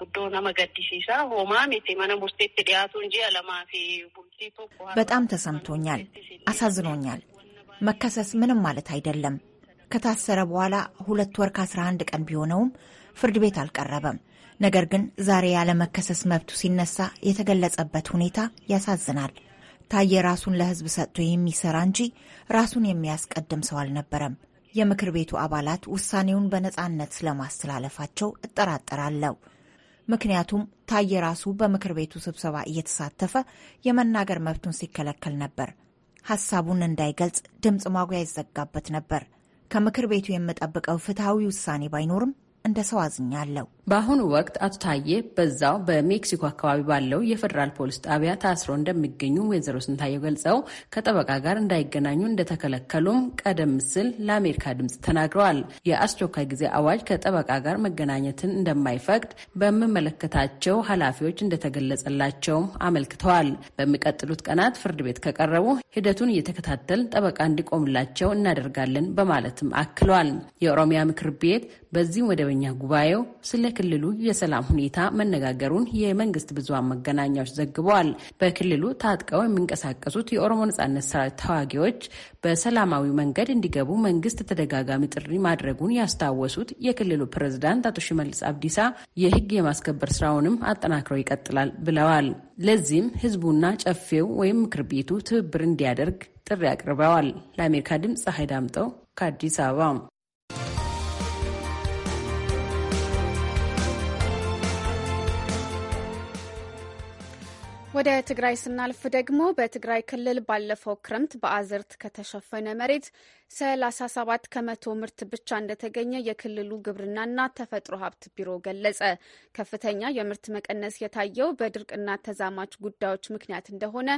ጉዶ ነመ ሆማ ሆማሜቴ መነ ሙስቴት ዲያቱ እንጂ አለማፊ በጣም ተሰምቶኛል፣ አሳዝኖኛል። መከሰስ ምንም ማለት አይደለም። ከታሰረ በኋላ ሁለት ወር ከአስራ አንድ ቀን ቢሆነውም ፍርድ ቤት አልቀረበም። ነገር ግን ዛሬ ያለመከሰስ መብቱ ሲነሳ የተገለጸበት ሁኔታ ያሳዝናል። ታዬ ራሱን ለህዝብ ሰጥቶ የሚሰራ እንጂ ራሱን የሚያስቀድም ሰው አልነበረም። የምክር ቤቱ አባላት ውሳኔውን በነፃነት ስለማስተላለፋቸው እጠራጠራለሁ። ምክንያቱም ታዬ ራሱ በምክር ቤቱ ስብሰባ እየተሳተፈ የመናገር መብቱን ሲከለከል ነበር። ሀሳቡን እንዳይገልጽ ድምፅ ማጉያ ይዘጋበት ነበር። ከምክር ቤቱ የምጠብቀው ፍትሐዊ ውሳኔ ባይኖርም እንደ ሰው አዝኛለሁ። በአሁኑ ወቅት አቶ ታዬ በዛው በሜክሲኮ አካባቢ ባለው የፌዴራል ፖሊስ ጣቢያ ታስሮ እንደሚገኙ ወይዘሮ ስንታየው ገልጸው ከጠበቃ ጋር እንዳይገናኙ እንደተከለከሉም ቀደም ሲል ለአሜሪካ ድምፅ ተናግረዋል። የአስቸኳይ ጊዜ አዋጅ ከጠበቃ ጋር መገናኘትን እንደማይፈቅድ በሚመለከታቸው ኃላፊዎች እንደተገለጸላቸውም አመልክተዋል። በሚቀጥሉት ቀናት ፍርድ ቤት ከቀረቡ ሂደቱን እየተከታተል ጠበቃ እንዲቆምላቸው እናደርጋለን በማለትም አክለዋል። የኦሮሚያ ምክር ቤት በዚህ መደበኛ ጉባኤው ስለ የክልሉ የሰላም ሁኔታ መነጋገሩን የመንግስት ብዙሃን መገናኛዎች ዘግበዋል። በክልሉ ታጥቀው የሚንቀሳቀሱት የኦሮሞ ነጻነት ሰራዊት ተዋጊዎች በሰላማዊ መንገድ እንዲገቡ መንግስት ተደጋጋሚ ጥሪ ማድረጉን ያስታወሱት የክልሉ ፕሬዝዳንት አቶ ሽመልስ አብዲሳ የህግ የማስከበር ስራውንም አጠናክረው ይቀጥላል ብለዋል። ለዚህም ህዝቡና ጨፌው ወይም ምክር ቤቱ ትብብር እንዲያደርግ ጥሪ አቅርበዋል። ለአሜሪካ ድምፅ ፀሐይ ዳምጠው ከአዲስ አበባ ወደ ትግራይ ስናልፍ ደግሞ በትግራይ ክልል ባለፈው ክረምት በአዝርት ከተሸፈነ መሬት 37 ከመቶ ምርት ብቻ እንደተገኘ የክልሉ ግብርናና ተፈጥሮ ሀብት ቢሮ ገለጸ። ከፍተኛ የምርት መቀነስ የታየው በድርቅና ተዛማች ጉዳዮች ምክንያት እንደሆነ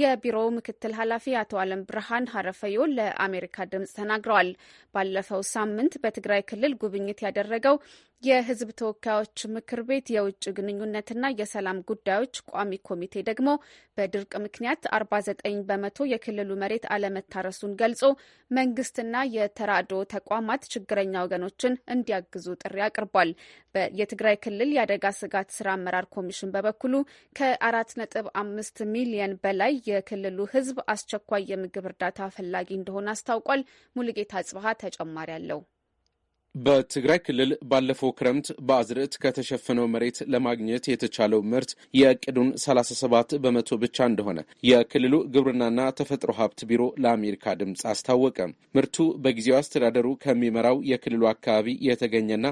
የቢሮው ምክትል ኃላፊ አቶ አለም ብርሃን ሀረፈዮ ለአሜሪካ ድምጽ ተናግረዋል። ባለፈው ሳምንት በትግራይ ክልል ጉብኝት ያደረገው የህዝብ ተወካዮች ምክር ቤት የውጭ ግንኙነትና የሰላም ጉዳዮች ቋሚ ኮሚቴ ደግሞ በድርቅ ምክንያት 49 በመቶ የክልሉ መሬት አለመታረሱን ገልጾ መንግስትና የተራድኦ ተቋማት ችግረኛ ወገኖችን እንዲያግዙ ጥሪ አቅርቧል። የትግራይ ክልል የአደጋ ስጋት ስራ አመራር ኮሚሽን በበኩሉ ከ 45 ሚሊየን በላይ የክልሉ ሕዝብ አስቸኳይ የምግብ እርዳታ ፈላጊ እንደሆነ አስታውቋል። ሙሉጌታ ጽብሃ ተጨማሪ አለው። በትግራይ ክልል ባለፈው ክረምት በአዝርዕት ከተሸፈነው መሬት ለማግኘት የተቻለው ምርት የእቅዱን 37 በመቶ ብቻ እንደሆነ የክልሉ ግብርናና ተፈጥሮ ሀብት ቢሮ ለአሜሪካ ድምፅ አስታወቀ። ምርቱ በጊዜው አስተዳደሩ ከሚመራው የክልሉ አካባቢ የተገኘና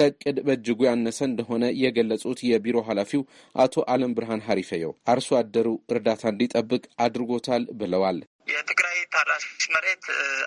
ከእቅድ በእጅጉ ያነሰ እንደሆነ የገለጹት የቢሮ ኃላፊው አቶ አለም ብርሃን ሀሪፈየው አርሶ አደሩ እርዳታ እንዲጠብቅ አድርጎታል ብለዋል። የትግራይ ታራሽ መሬት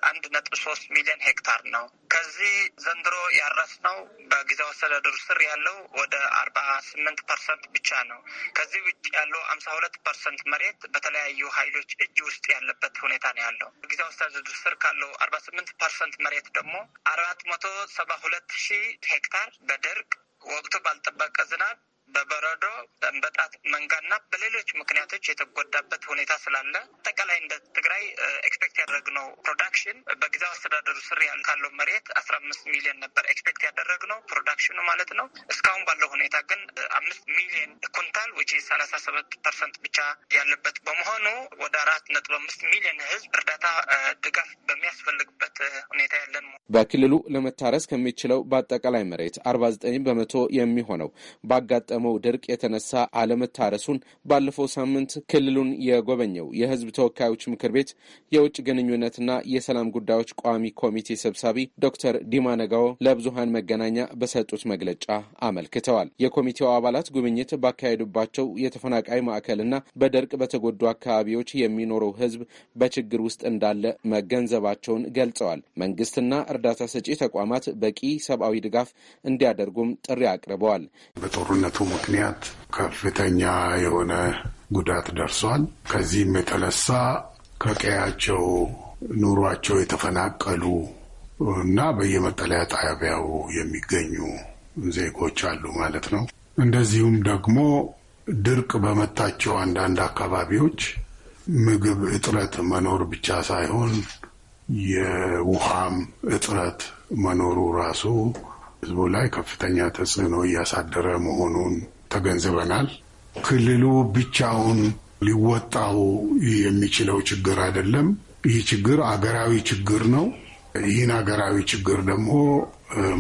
አንድ ነጥብ ሶስት ሚሊዮን ሄክታር ነው። ከዚህ ዘንድሮ ያረስ ያረስነው በጊዜያዊ አስተዳደሩ ስር ያለው ወደ አርባ ስምንት ፐርሰንት ብቻ ነው። ከዚህ ውጭ ያለው አምሳ ሁለት ፐርሰንት መሬት በተለያዩ ኃይሎች እጅ ውስጥ ያለበት ሁኔታ ነው ያለው። በጊዜያዊ አስተዳደሩ ስር ካለው አርባ ስምንት ፐርሰንት መሬት ደግሞ አራት መቶ ሰባ ሁለት ሺህ ሄክታር በድርቅ ወቅቱ ባልጠበቀ ዝናብ በበረዶ በጣት መንጋና በሌሎች ምክንያቶች የተጎዳበት ሁኔታ ስላለ አጠቃላይ እንደ ትግራይ ኤክስፔክት ያደረግነው ፕሮዳክሽን በጊዜው አስተዳደሩ ስር ካለው መሬት አስራ አምስት ሚሊዮን ነበር ኤክስፔክት ያደረግነው ፕሮዳክሽኑ ማለት ነው። እስካሁን ባለው ሁኔታ ግን አምስት ሚሊዮን ኩንታል ውጪ ሰላሳ ሰባት ፐርሰንት ብቻ ያለበት በመሆኑ ወደ አራት ነጥብ አምስት ሚሊዮን ህዝብ እርዳታ ድጋፍ በሚያስፈልግበት ሁኔታ ያለን በክልሉ ለመታረስ ከሚችለው በአጠቃላይ መሬት አርባ ዘጠኝ በመቶ የሚሆነው ባጋጠሙ በገጠመው ድርቅ የተነሳ አለመታረሱን ባለፈው ሳምንት ክልሉን የጎበኘው የሕዝብ ተወካዮች ምክር ቤት የውጭ ግንኙነትና የሰላም ጉዳዮች ቋሚ ኮሚቴ ሰብሳቢ ዶክተር ዲማ ነጋዎ ለብዙሀን መገናኛ በሰጡት መግለጫ አመልክተዋል። የኮሚቴው አባላት ጉብኝት ባካሄዱባቸው የተፈናቃይ ማዕከልና በድርቅ በተጎዱ አካባቢዎች የሚኖረው ሕዝብ በችግር ውስጥ እንዳለ መገንዘባቸውን ገልጸዋል። መንግስትና እርዳታ ሰጪ ተቋማት በቂ ሰብአዊ ድጋፍ እንዲያደርጉም ጥሪ አቅርበዋል። በጦርነቱ ምክንያት ከፍተኛ የሆነ ጉዳት ደርሷል። ከዚህም የተነሳ ከቀያቸው ኑሯቸው የተፈናቀሉ እና በየመጠለያ ጣቢያው የሚገኙ ዜጎች አሉ ማለት ነው። እንደዚሁም ደግሞ ድርቅ በመታቸው አንዳንድ አካባቢዎች ምግብ እጥረት መኖር ብቻ ሳይሆን የውሃም እጥረት መኖሩ ራሱ ህዝቡ ላይ ከፍተኛ ተጽዕኖ እያሳደረ መሆኑን ተገንዝበናል። ክልሉ ብቻውን ሊወጣው የሚችለው ችግር አይደለም። ይህ ችግር አገራዊ ችግር ነው። ይህን አገራዊ ችግር ደግሞ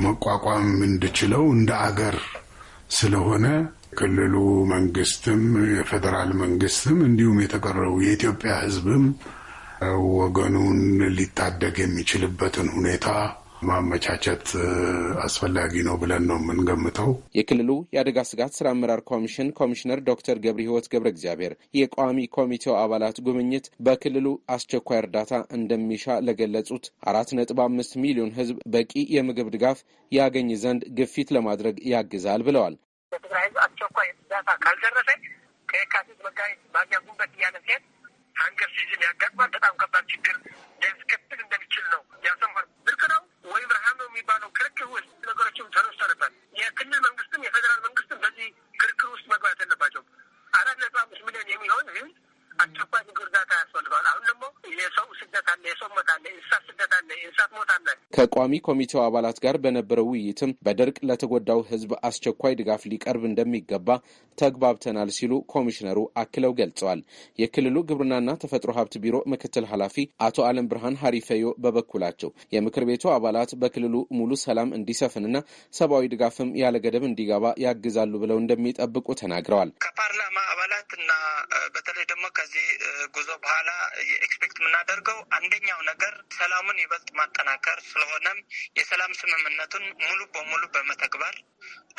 መቋቋም እንድችለው እንደ አገር ስለሆነ ክልሉ መንግስትም የፌዴራል መንግስትም እንዲሁም የተቀረው የኢትዮጵያ ህዝብም ወገኑን ሊታደግ የሚችልበትን ሁኔታ ማመቻቸት አስፈላጊ ነው ብለን ነው የምንገምተው። የክልሉ የአደጋ ስጋት ስራ አመራር ኮሚሽን ኮሚሽነር ዶክተር ገብረ ህይወት ገብረ እግዚአብሔር የቋሚ ኮሚቴው አባላት ጉብኝት በክልሉ አስቸኳይ እርዳታ እንደሚሻ ለገለጹት አራት ነጥብ አምስት ሚሊዮን ህዝብ በቂ የምግብ ድጋፍ ያገኝ ዘንድ ግፊት ለማድረግ ያግዛል ብለዋል። በትግራይ ህዝብ አስቸኳይ እርዳታ ካልደረሰ ከየካቲት መጋየት ባያ ጉንበት እያለ ሲሄድ ሀንገር ሲዝን ያጋጥማል። በጣም ከባድ ችግር ሊያስከትል እንደሚችል ነው ያሰመር የሚባለው ክርክር ውስጥ ነገሮችም ተነስተንበት የክልል መንግስትም የፌዴራል መንግስትም በዚህ ክርክር ውስጥ መግባት ያለባቸው አራት ነጥብ አምስት ሚሊዮን የሚሆን ህዝብ አስቸኳይ ምግብ እርዳታ ያስፈልገዋል። አሁን ደግሞ የሰው ስደት አለ፣ የሰው ሞት አለ፣ የእንስሳት ስደት አለ፣ የእንስሳት ሞት አለ። ከቋሚ ኮሚቴው አባላት ጋር በነበረው ውይይትም በድርቅ ለተጎዳው ህዝብ አስቸኳይ ድጋፍ ሊቀርብ እንደሚገባ ተግባብተናል ሲሉ ኮሚሽነሩ አክለው ገልጸዋል። የክልሉ ግብርናና ተፈጥሮ ሀብት ቢሮ ምክትል ኃላፊ አቶ አለም ብርሃን ሀሪፈዮ በበኩላቸው የምክር ቤቱ አባላት በክልሉ ሙሉ ሰላም እንዲሰፍንና ሰብአዊ ድጋፍም ያለ ገደብ እንዲገባ ያግዛሉ ብለው እንደሚጠብቁ ተናግረዋል። ከፓርላማ አባላት እና በተለይ ደግሞ ከዚህ ጉዞ በኋላ ኤክስፔክት የምናደርገው አንደኛው ነገር ሰላሙን ይበልጥ ማጠናከር ስለሆነም የሰላም ስምምነቱን ሙሉ በሙሉ በመተግበር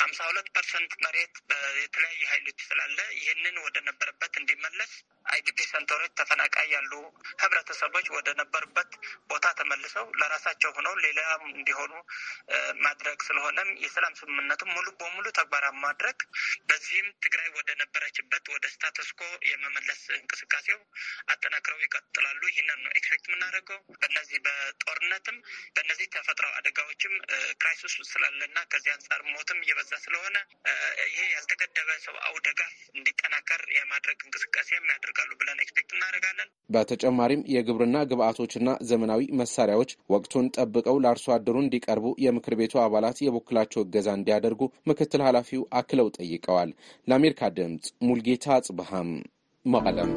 ሀምሳ ሁለት ፐርሰንት መሬት የተለያዩ ሀይሎች ስላለ ይህንን ወደ ነበረበት እንዲመለስ አይዲፒ ሰንተሮች ተፈናቃይ ያሉ ህብረተሰቦች ወደ ነበሩበት ቦታ ተመልሰው ለራሳቸው ሆነው ሌላም እንዲሆኑ ማድረግ ስለሆነም የሰላም ስምምነቱም ሙሉ በሙሉ ተግባራዊ ማድረግ በዚህም ትግራይ ወደ ነበረችበት ወደ ስታተስኮ የመመለስ እንቅስቃሴው አጠናክረው ይቀጥላሉ። ይህንን ነው ኤክስፔክት የምናደርገው። በነዚህ በጦርነትም በነዚህ ተፈጥሮ አደጋዎችም ክራይሲስ eh, ስላለና ከዚህ አንጻር ሞትም እየበዛ እየበዛ ስለሆነ ይሄ ያልተገደበ ሰብአዊ ድጋፍ እንዲጠናከር የማድረግ እንቅስቃሴ ያደርጋሉ ብለን ኤክስፔክት እናደርጋለን። በተጨማሪም የግብርና ግብአቶችና ዘመናዊ መሳሪያዎች ወቅቱን ጠብቀው ለአርሶ አደሩ እንዲቀርቡ የምክር ቤቱ አባላት የበኩላቸው እገዛ እንዲያደርጉ ምክትል ኃላፊው አክለው ጠይቀዋል። ለአሜሪካ ድምጽ ሙልጌታ አጽብሃም መቀለም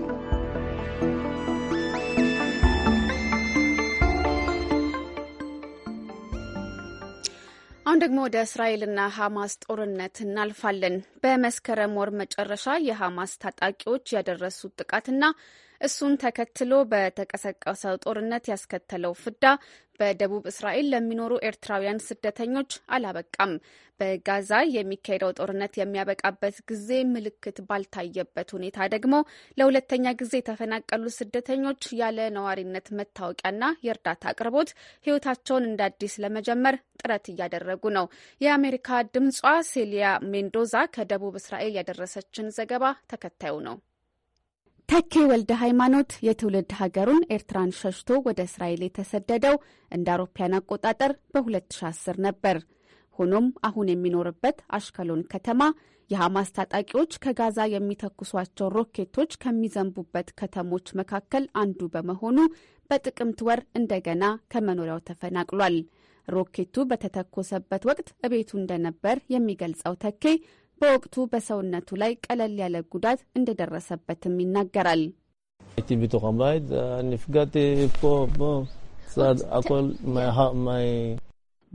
አሁን ደግሞ ወደ እስራኤልና ሐማስ ጦርነት እናልፋለን። በመስከረም ወር መጨረሻ የሐማስ ታጣቂዎች ያደረሱት ጥቃትና እሱን ተከትሎ በተቀሰቀሰው ጦርነት ያስከተለው ፍዳ በደቡብ እስራኤል ለሚኖሩ ኤርትራውያን ስደተኞች አላበቃም። በጋዛ የሚካሄደው ጦርነት የሚያበቃበት ጊዜ ምልክት ባልታየበት ሁኔታ ደግሞ ለሁለተኛ ጊዜ የተፈናቀሉ ስደተኞች ያለ ነዋሪነት መታወቂያና የእርዳታ አቅርቦት ሕይወታቸውን እንደ አዲስ ለመጀመር ጥረት እያደረጉ ነው። የአሜሪካ ድምጿ ሴሊያ ሜንዶዛ ከደቡብ እስራኤል ያደረሰችን ዘገባ ተከታዩ ነው። ተኬ ወልደ ሃይማኖት የትውልድ ሀገሩን ኤርትራን ሸሽቶ ወደ እስራኤል የተሰደደው እንደ አውሮፓያን አቆጣጠር በ2010 ነበር። ሆኖም አሁን የሚኖርበት አሽከሎን ከተማ የሐማስ ታጣቂዎች ከጋዛ የሚተኩሷቸው ሮኬቶች ከሚዘንቡበት ከተሞች መካከል አንዱ በመሆኑ በጥቅምት ወር እንደገና ከመኖሪያው ተፈናቅሏል። ሮኬቱ በተተኮሰበት ወቅት እቤቱ እንደነበር የሚገልጸው ተኬ በወቅቱ በሰውነቱ ላይ ቀለል ያለ ጉዳት እንደደረሰበትም ይናገራል።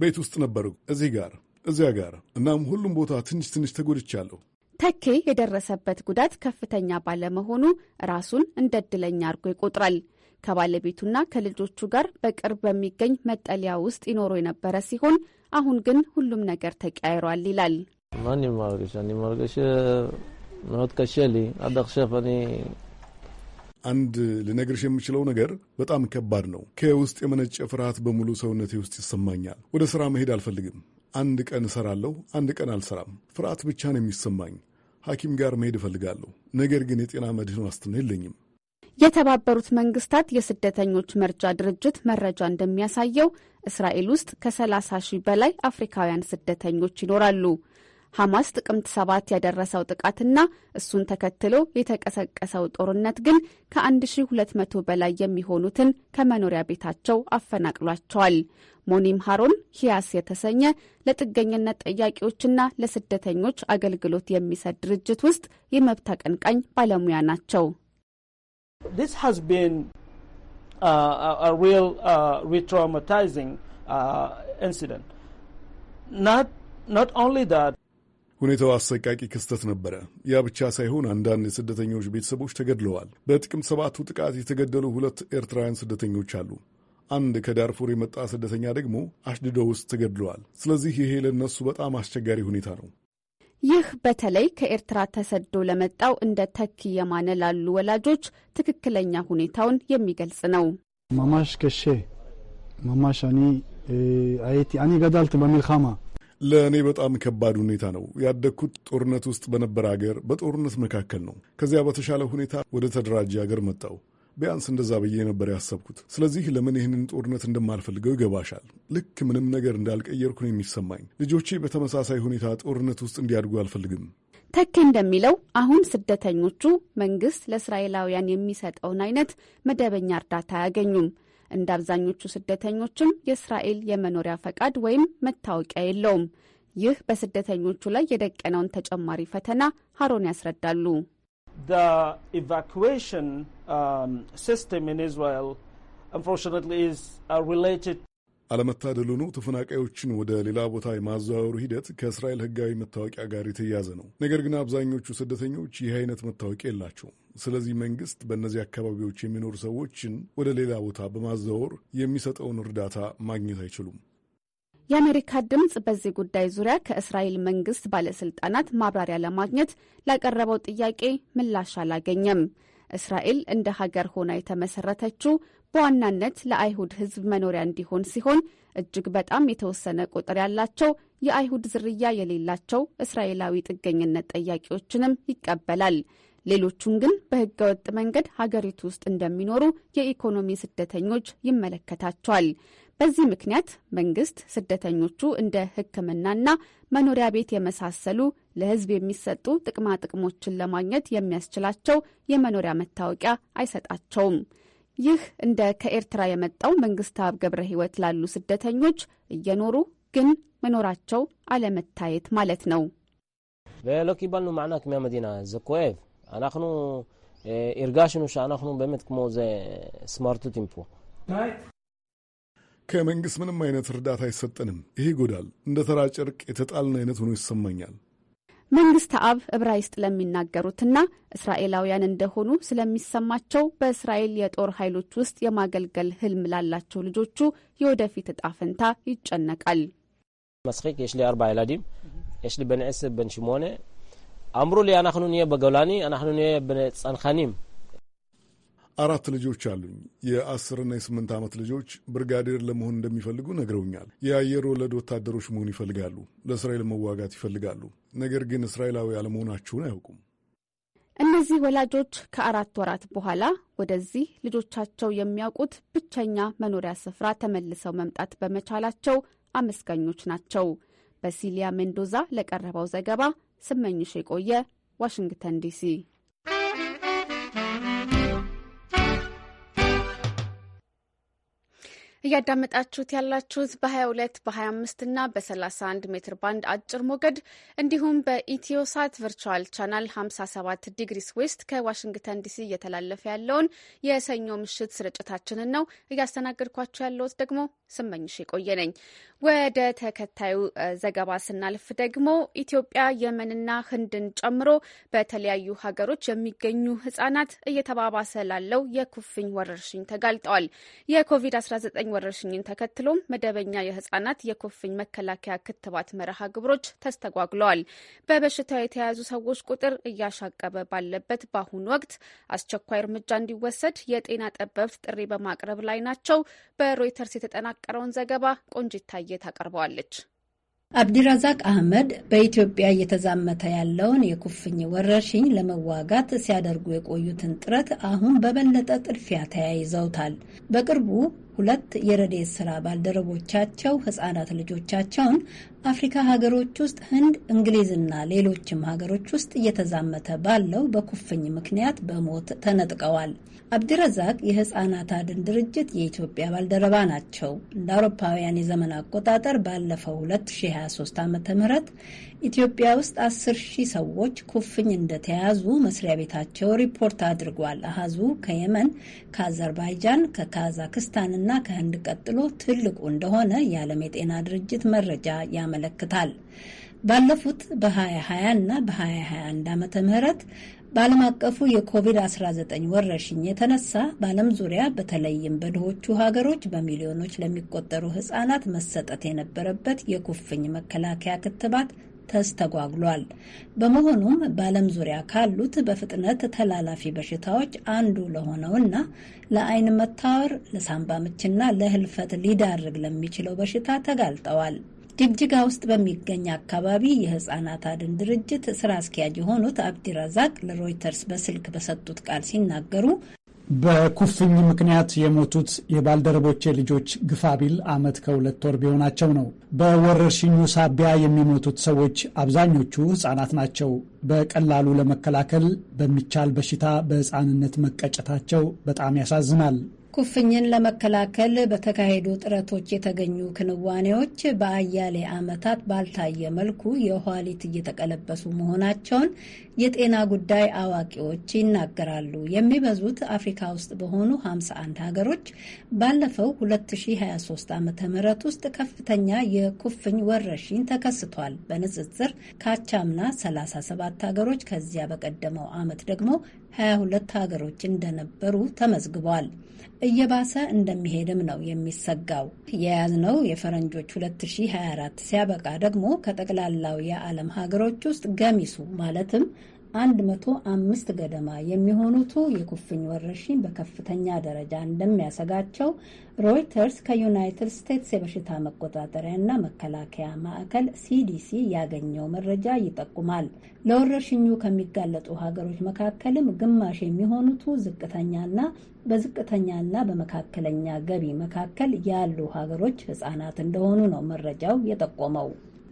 ቤት ውስጥ ነበርኩ፣ እዚህ ጋር እዚያ ጋር። እናም ሁሉም ቦታ ትንሽ ትንሽ ተጎድቻለሁ። ተኬ የደረሰበት ጉዳት ከፍተኛ ባለመሆኑ ራሱን እንደ እድለኛ አድርጎ ይቆጥራል። ከባለቤቱና ከልጆቹ ጋር በቅርብ በሚገኝ መጠለያ ውስጥ ይኖሩ የነበረ ሲሆን አሁን ግን ሁሉም ነገር ተቀያይሯል ይላል። מה אני מרגיש? אני מרגיש מאוד קשה לי. עד עכשיו אני... አንድ ልነግርሽ የምችለው ነገር በጣም ከባድ ነው። ከውስጥ የመነጨ ፍርሃት በሙሉ ሰውነቴ ውስጥ ይሰማኛል። ወደ ሥራ መሄድ አልፈልግም። አንድ ቀን እሰራለሁ፣ አንድ ቀን አልሰራም። ፍርሃት ብቻ ነው የሚሰማኝ። ሐኪም ጋር መሄድ እፈልጋለሁ፣ ነገር ግን የጤና መድህን ዋስትና የለኝም። የተባበሩት መንግስታት የስደተኞች መርጃ ድርጅት መረጃ እንደሚያሳየው እስራኤል ውስጥ ከ30 ሺህ በላይ አፍሪካውያን ስደተኞች ይኖራሉ። ሐማስ ጥቅምት ሰባት ያደረሰው ጥቃትና እሱን ተከትሎ የተቀሰቀሰው ጦርነት ግን ከ1200 በላይ የሚሆኑትን ከመኖሪያ ቤታቸው አፈናቅሏቸዋል። ሞኒም ሃሮን ሂያስ የተሰኘ ለጥገኝነት ጠያቂዎችና ለስደተኞች አገልግሎት የሚሰጥ ድርጅት ውስጥ የመብት አቀንቃኝ ባለሙያ ናቸው። ሁኔታው አሰቃቂ ክስተት ነበረ። ያ ብቻ ሳይሆን አንዳንድ የስደተኞች ቤተሰቦች ተገድለዋል። በጥቅምት ሰባቱ ጥቃት የተገደሉ ሁለት ኤርትራውያን ስደተኞች አሉ። አንድ ከዳርፉር የመጣ ስደተኛ ደግሞ አሽድዶ ውስጥ ተገድለዋል። ስለዚህ ይሄ ለእነሱ በጣም አስቸጋሪ ሁኔታ ነው። ይህ በተለይ ከኤርትራ ተሰዶ ለመጣው እንደ ተኪ የማነ ላሉ ወላጆች ትክክለኛ ሁኔታውን የሚገልጽ ነው። ማማሽ ከሼ ማማሽ አኒ አይቲ አኒ ገዳልት በሚልካማ ለእኔ በጣም ከባድ ሁኔታ ነው። ያደግኩት ጦርነት ውስጥ በነበረ አገር በጦርነት መካከል ነው። ከዚያ በተሻለ ሁኔታ ወደ ተደራጀ ሀገር መጣው። ቢያንስ እንደዛ ብዬ ነበር ያሰብኩት። ስለዚህ ለምን ይህንን ጦርነት እንደማልፈልገው ይገባሻል። ልክ ምንም ነገር እንዳልቀየርኩ ነው የሚሰማኝ። ልጆቼ በተመሳሳይ ሁኔታ ጦርነት ውስጥ እንዲያድጉ አልፈልግም። ተኬ እንደሚለው አሁን ስደተኞቹ መንግስት ለእስራኤላውያን የሚሰጠውን አይነት መደበኛ እርዳታ አያገኙም። እንደ አብዛኞቹ ስደተኞችም የእስራኤል የመኖሪያ ፈቃድ ወይም መታወቂያ የለውም። ይህ በስደተኞቹ ላይ የደቀነውን ተጨማሪ ፈተና ሀሮን ያስረዳሉ። ኢቫኩዌሽን ሲስተም ኢን ኢዝራኤል አለመታደሉ ተፈናቃዮችን ወደ ሌላ ቦታ የማዘዋወሩ ሂደት ከእስራኤል ሕጋዊ መታወቂያ ጋር የተያያዘ ነው። ነገር ግን አብዛኞቹ ስደተኞች ይህ አይነት መታወቂያ የላቸውም። ስለዚህ መንግስት በእነዚህ አካባቢዎች የሚኖሩ ሰዎችን ወደ ሌላ ቦታ በማዘዋወር የሚሰጠውን እርዳታ ማግኘት አይችሉም። የአሜሪካ ድምፅ በዚህ ጉዳይ ዙሪያ ከእስራኤል መንግስት ባለስልጣናት ማብራሪያ ለማግኘት ላቀረበው ጥያቄ ምላሽ አላገኘም። እስራኤል እንደ ሀገር ሆና የተመሰረተችው በዋናነት ለአይሁድ ሕዝብ መኖሪያ እንዲሆን ሲሆን እጅግ በጣም የተወሰነ ቁጥር ያላቸው የአይሁድ ዝርያ የሌላቸው እስራኤላዊ ጥገኝነት ጠያቂዎችንም ይቀበላል። ሌሎቹን ግን በህገወጥ መንገድ ሀገሪቱ ውስጥ እንደሚኖሩ የኢኮኖሚ ስደተኞች ይመለከታቸዋል። በዚህ ምክንያት መንግስት ስደተኞቹ እንደ ሕክምናና መኖሪያ ቤት የመሳሰሉ ለህዝብ የሚሰጡ ጥቅማ ጥቅሞችን ለማግኘት የሚያስችላቸው የመኖሪያ መታወቂያ አይሰጣቸውም። ይህ እንደ ከኤርትራ የመጣው መንግስታብ ገብረ ሕይወት ላሉ ስደተኞች እየኖሩ ግን መኖራቸው አለመታየት ማለት ነው። ሎ ኪባልኑ ማዕና ክሚያ መዲና ዘኮኤቭ አናኽኑ ኢርጋሽኑ ሻአናክኑ በመት ክሞ ዘ ስማርቱ ቲምፖ ከመንግስት ምንም አይነት እርዳታ አይሰጠንም። ይህ ይጎዳል። እንደ ተራ ጨርቅ የተጣልን አይነት ሆኖ ይሰማኛል። መንግስት አብ ዕብራይስጥ ለሚናገሩትና እስራኤላውያን እንደሆኑ ስለሚሰማቸው በእስራኤል የጦር ኃይሎች ውስጥ የማገልገል ህልም ላላቸው ልጆቹ የወደፊት እጣ ፈንታ ይጨነቃል። መስኪክ የሽሊ አርባ ኢላዲም የሽሊ በን በን ሽሞነ አምሩ ሊ የ በገውላኒ አራት ልጆች አሉኝ። የአስርና የስምንት ዓመት ልጆች ብርጋዴር ለመሆን እንደሚፈልጉ ነግረውኛል። የአየር ወለድ ወታደሮች መሆን ይፈልጋሉ። ለእስራኤል መዋጋት ይፈልጋሉ። ነገር ግን እስራኤላዊ አለመሆናችሁን አያውቁም። እነዚህ ወላጆች ከአራት ወራት በኋላ ወደዚህ ልጆቻቸው የሚያውቁት ብቸኛ መኖሪያ ስፍራ ተመልሰው መምጣት በመቻላቸው አመስጋኞች ናቸው። በሲሊያ ሜንዶዛ ለቀረበው ዘገባ ስመኝሽ የቆየ ዋሽንግተን ዲሲ እያዳመጣችሁት ያላችሁት በ22 በ25 እና በ31 ሜትር ባንድ አጭር ሞገድ እንዲሁም በኢትዮሳት ቨርቹዋል ቻናል 57 ዲግሪስ ዌስት ከዋሽንግተን ዲሲ እየተላለፈ ያለውን የሰኞ ምሽት ስርጭታችንን ነው። እያስተናገድኳችሁ ያለሁት ደግሞ ስመኝሽ የቆየ ነኝ። ወደ ተከታዩ ዘገባ ስናልፍ ደግሞ ኢትዮጵያ የመንና ህንድን ጨምሮ በተለያዩ ሀገሮች የሚገኙ ህጻናት እየተባባሰ ላለው የኩፍኝ ወረርሽኝ ተጋልጠዋል። የኮቪድ-19 ወረርሽኝን ተከትሎም መደበኛ የህጻናት የኩፍኝ መከላከያ ክትባት መርሃ ግብሮች ተስተጓጉለዋል። በበሽታው የተያዙ ሰዎች ቁጥር እያሻቀበ ባለበት በአሁኑ ወቅት አስቸኳይ እርምጃ እንዲወሰድ የጤና ጠበብት ጥሪ በማቅረብ ላይ ናቸው። በሮይተርስ የተጠናቀረውን ዘገባ ቆንጅታየ ታቀርበዋለች። አብዲራዛቅ አህመድ በኢትዮጵያ እየተዛመተ ያለውን የኩፍኝ ወረርሽኝ ለመዋጋት ሲያደርጉ የቆዩትን ጥረት አሁን በበለጠ ጥድፊያ ተያይዘውታል። በቅርቡ ሁለት የረድኤት ስራ ባልደረቦቻቸው ህጻናት ልጆቻቸውን አፍሪካ ሀገሮች ውስጥ ህንድ፣ እንግሊዝና ሌሎችም ሀገሮች ውስጥ እየተዛመተ ባለው በኩፍኝ ምክንያት በሞት ተነጥቀዋል። አብድረዛቅ የህጻናት አድን ድርጅት የኢትዮጵያ ባልደረባ ናቸው። እንደ አውሮፓውያን የዘመን አቆጣጠር ባለፈው 2023 ዓ ም ኢትዮጵያ ውስጥ አስር ሺህ ሰዎች ኩፍኝ እንደተያዙ መስሪያ ቤታቸው ሪፖርት አድርጓል። አሃዙ ከየመን፣ ከአዘርባይጃን፣ ከካዛክስታን እና ከህንድ ቀጥሎ ትልቁ እንደሆነ የዓለም የጤና ድርጅት መረጃ ያመለክታል። ባለፉት በ2020 እና በ2021 ዓመተ ምህረት በዓለም አቀፉ የኮቪድ-19 ወረርሽኝ የተነሳ በዓለም ዙሪያ በተለይም በድሆቹ ሀገሮች በሚሊዮኖች ለሚቆጠሩ ህጻናት መሰጠት የነበረበት የኩፍኝ መከላከያ ክትባት ተስተጓጉሏል። በመሆኑም በዓለም ዙሪያ ካሉት በፍጥነት ተላላፊ በሽታዎች አንዱ ለሆነውና ለአይን መታወር፣ ለሳምባ ምችና ለህልፈት ሊዳርግ ለሚችለው በሽታ ተጋልጠዋል። ጅግጅጋ ውስጥ በሚገኝ አካባቢ የህጻናት አድን ድርጅት ስራ አስኪያጅ የሆኑት አብዲራዛቅ ለሮይተርስ በስልክ በሰጡት ቃል ሲናገሩ በኩፍኝ ምክንያት የሞቱት የባልደረቦቼ ልጆች ግፋቢል ዓመት ከሁለት ወር ቢሆናቸው ነው። በወረርሽኙ ሳቢያ የሚሞቱት ሰዎች አብዛኞቹ ሕፃናት ናቸው። በቀላሉ ለመከላከል በሚቻል በሽታ በሕፃንነት መቀጨታቸው በጣም ያሳዝናል። ኩፍኝን ለመከላከል በተካሄዱ ጥረቶች የተገኙ ክንዋኔዎች በአያሌ ዓመታት ባልታየ መልኩ የኋሊት እየተቀለበሱ መሆናቸውን የጤና ጉዳይ አዋቂዎች ይናገራሉ። የሚበዙት አፍሪካ ውስጥ በሆኑ 51 ሀገሮች ባለፈው 2023 ዓ ም ውስጥ ከፍተኛ የኩፍኝ ወረርሽኝ ተከስቷል። በንጽጽር ካቻምና 37 ሀገሮች ከዚያ በቀደመው ዓመት ደግሞ 22 ሀገሮች እንደነበሩ ተመዝግቧል። እየባሰ እንደሚሄድም ነው የሚሰጋው። የያዝነው የፈረንጆች 2024 ሲያበቃ ደግሞ ከጠቅላላው የዓለም ሀገሮች ውስጥ ገሚሱ ማለትም አምስት ገደማ የሚሆኑቱ የኩፍኝ ወረርሽኝ በከፍተኛ ደረጃ እንደሚያሰጋቸው ሮይተርስ ከዩናይትድ ስቴትስ የበሽታ መቆጣጠሪያና መከላከያ ማዕከል ሲዲሲ ያገኘው መረጃ ይጠቁማል። ለወረርሽኙ ከሚጋለጡ ሀገሮች መካከልም ግማሽ የሚሆኑቱ ዝቅተኛና በዝቅተኛና በመካከለኛ ገቢ መካከል ያሉ ሀገሮች ህጻናት እንደሆኑ ነው መረጃው የጠቆመው።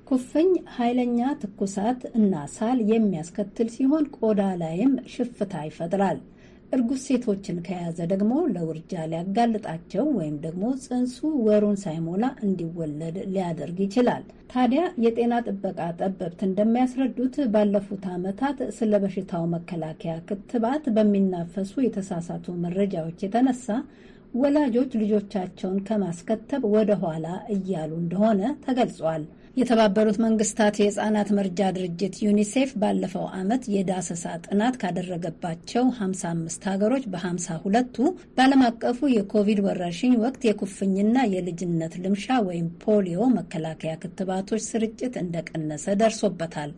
ኩፍኝ ኃይለኛ ትኩሳት እና ሳል የሚያስከትል ሲሆን ቆዳ ላይም ሽፍታ ይፈጥራል። እርጉዝ ሴቶችን ከያዘ ደግሞ ለውርጃ ሊያጋልጣቸው ወይም ደግሞ ጽንሱ ወሩን ሳይሞላ እንዲወለድ ሊያደርግ ይችላል። ታዲያ የጤና ጥበቃ ጠበብት እንደሚያስረዱት ባለፉት ዓመታት ስለ በሽታው መከላከያ ክትባት በሚናፈሱ የተሳሳቱ መረጃዎች የተነሳ ወላጆች ልጆቻቸውን ከማስከተብ ወደ ኋላ እያሉ እንደሆነ ተገልጿል። የተባበሩት መንግስታት የህፃናት መርጃ ድርጅት ዩኒሴፍ ባለፈው ዓመት የዳሰሳ ጥናት ካደረገባቸው 55 ሀገሮች በ52ቱ በዓለም አቀፉ የኮቪድ ወረርሽኝ ወቅት የኩፍኝና የልጅነት ልምሻ ወይም ፖሊዮ መከላከያ ክትባቶች ስርጭት እንደቀነሰ ደርሶበታል።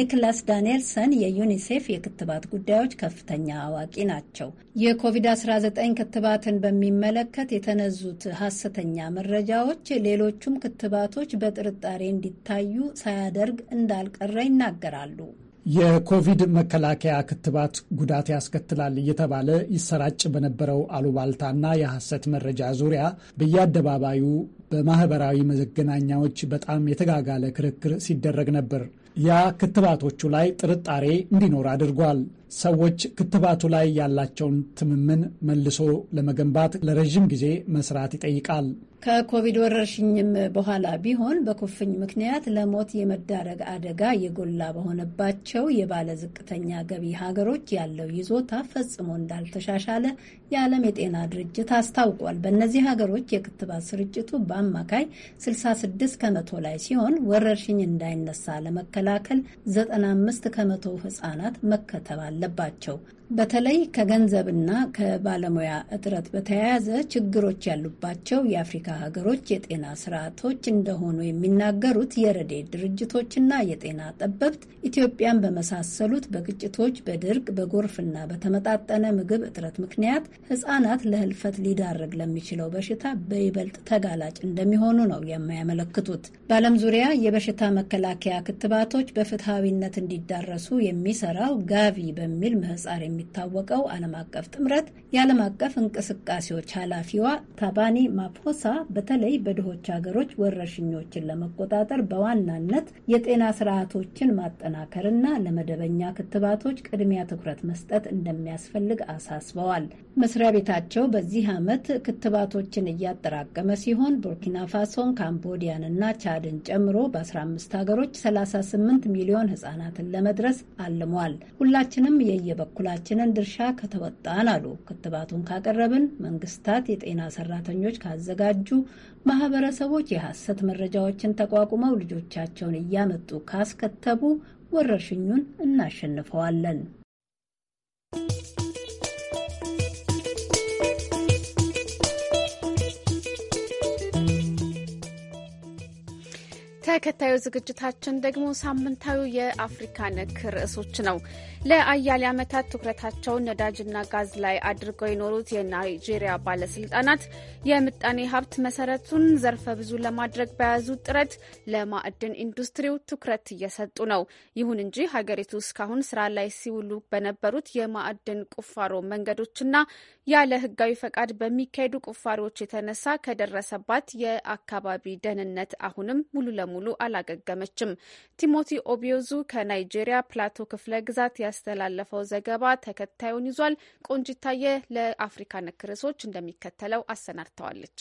ኒክላስ ዳንኤልሰን የዩኒሴፍ የክትባት ጉዳዮች ከፍተኛ አዋቂ ናቸው። የኮቪድ-19 ክትባትን በሚመለከት የተነዙት ሀሰተኛ መረጃዎች ሌሎቹም ክትባቶች በጥርጣሬ እንዲታዩ ሳያደርግ እንዳልቀረ ይናገራሉ። የኮቪድ መከላከያ ክትባት ጉዳት ያስከትላል እየተባለ ይሰራጭ በነበረው አሉባልታና የሐሰት መረጃ ዙሪያ በየአደባባዩ በማህበራዊ መገናኛዎች በጣም የተጋጋለ ክርክር ሲደረግ ነበር። ያ ክትባቶቹ ላይ ጥርጣሬ እንዲኖር አድርጓል። ሰዎች ክትባቱ ላይ ያላቸውን ትምምን መልሶ ለመገንባት ለረዥም ጊዜ መስራት ይጠይቃል። ከኮቪድ ወረርሽኝም በኋላ ቢሆን በኩፍኝ ምክንያት ለሞት የመዳረግ አደጋ የጎላ በሆነባቸው የባለ ዝቅተኛ ገቢ ሀገሮች ያለው ይዞታ ፈጽሞ እንዳልተሻሻለ የዓለም የጤና ድርጅት አስታውቋል። በእነዚህ ሀገሮች የክትባት ስርጭቱ በአማካይ 66 ከመቶ ላይ ሲሆን ወረርሽኝ እንዳይነሳ ለመከላከል 95 ከመቶ ህጻናት መከተባል አለባቸው። በተለይ ከገንዘብና ከባለሙያ እጥረት በተያያዘ ችግሮች ያሉባቸው የአፍሪካ ሀገሮች የጤና ስርዓቶች እንደሆኑ የሚናገሩት የረድኤት ድርጅቶችና የጤና ጠበብት ኢትዮጵያን በመሳሰሉት በግጭቶች፣ በድርቅ፣ በጎርፍና በተመጣጠነ ምግብ እጥረት ምክንያት ህጻናት ለህልፈት ሊዳረግ ለሚችለው በሽታ በይበልጥ ተጋላጭ እንደሚሆኑ ነው የሚያመለክቱት። በዓለም ዙሪያ የበሽታ መከላከያ ክትባቶች በፍትሐዊነት እንዲዳረሱ የሚሰራው ጋቪ በሚል ምህጻር የሚታወቀው ዓለም አቀፍ ጥምረት የዓለም አቀፍ እንቅስቃሴዎች ኃላፊዋ ታባኒ ማፖሳ በተለይ በድሆች ሀገሮች ወረርሽኞችን ለመቆጣጠር በዋናነት የጤና ስርዓቶችን ማጠናከርና ለመደበኛ ክትባቶች ቅድሚያ ትኩረት መስጠት እንደሚያስፈልግ አሳስበዋል። መስሪያ ቤታቸው በዚህ ዓመት ክትባቶችን እያጠራቀመ ሲሆን ቡርኪና ፋሶን፣ ካምቦዲያን ቻድን ጨምሮ በ15 ሀገሮች 38 ሚሊዮን ህጻናትን ለመድረስ አልሟል። ሁላችንም የየበኩላችን የራሳችንን ድርሻ ከተወጣን አሉ። ክትባቱን ካቀረብን፣ መንግስታት የጤና ሰራተኞች ካዘጋጁ፣ ማህበረሰቦች የሐሰት መረጃዎችን ተቋቁመው ልጆቻቸውን እያመጡ ካስከተቡ ወረርሽኙን እናሸንፈዋለን። ተከታዩ ዝግጅታችን ደግሞ ሳምንታዊ የአፍሪካ ነክ ርዕሶች ነው። ለአያሌ ዓመታት ትኩረታቸውን ነዳጅና ጋዝ ላይ አድርገው የኖሩት የናይጄሪያ ባለስልጣናት የምጣኔ ሀብት መሰረቱን ዘርፈ ብዙ ለማድረግ በያዙ ጥረት ለማዕድን ኢንዱስትሪው ትኩረት እየሰጡ ነው። ይሁን እንጂ ሀገሪቱ እስካሁን ስራ ላይ ሲውሉ በነበሩት የማዕድን ቁፋሮ መንገዶችና ያለ ህጋዊ ፈቃድ በሚካሄዱ ቁፋሪዎች የተነሳ ከደረሰባት የአካባቢ ደህንነት አሁንም ሙሉ ለሙሉ አላገገመችም። ቲሞቲ ኦቢዮዙ ከናይጄሪያ ፕላቶ ክፍለ ግዛት ያስተላለፈው ዘገባ ተከታዩን ይዟል። ቆንጅታየ ለአፍሪካ ነክ ርዕሶች እንደሚከተለው አሰናድተዋለች።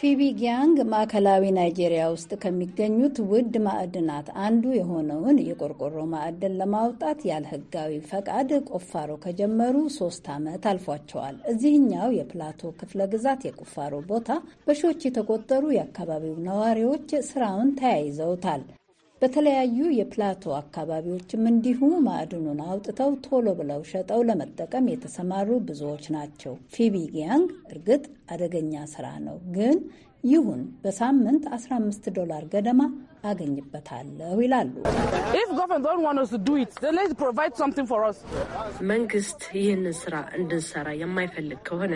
ፊቢ ጊያንግ ማዕከላዊ ናይጄሪያ ውስጥ ከሚገኙት ውድ ማዕድናት አንዱ የሆነውን የቆርቆሮ ማዕድን ለማውጣት ያለ ሕጋዊ ፈቃድ ቁፋሮ ከጀመሩ ሶስት ዓመት አልፏቸዋል። እዚህኛው የፕላቶ ክፍለ ግዛት የቁፋሮ ቦታ በሺዎች የተቆጠሩ የአካባቢው ነዋሪዎች ስራውን ተያይዘውታል። በተለያዩ የፕላቶ አካባቢዎችም እንዲሁ ማዕድኑን አውጥተው ቶሎ ብለው ሸጠው ለመጠቀም የተሰማሩ ብዙዎች ናቸው። ፊቢጊያንግ እርግጥ አደገኛ ስራ ነው፣ ግን ይሁን በሳምንት 15 ዶላር ገደማ አገኝበታለሁ ይላሉ። መንግስት ይህንን ስራ እንድንሰራ የማይፈልግ ከሆነ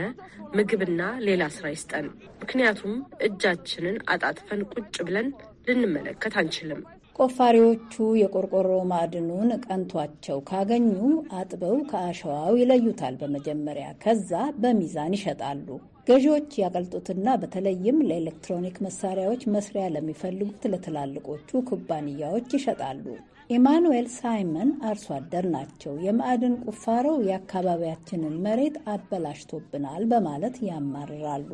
ምግብና ሌላ ስራ ይስጠን። ምክንያቱም እጃችንን አጣጥፈን ቁጭ ብለን ልንመለከት አንችልም። ቆፋሪዎቹ የቆርቆሮ ማዕድኑን ቀንቷቸው ካገኙ አጥበው ከአሸዋው ይለዩታል በመጀመሪያ። ከዛ በሚዛን ይሸጣሉ። ገዢዎች ያቀልጡትና በተለይም ለኤሌክትሮኒክ መሳሪያዎች መስሪያ ለሚፈልጉት ለትላልቆቹ ኩባንያዎች ይሸጣሉ። ኢማኑኤል ሳይመን አርሶ አደር ናቸው። የማዕድን ቁፋሮው የአካባቢያችንን መሬት አበላሽቶብናል በማለት ያማርራሉ።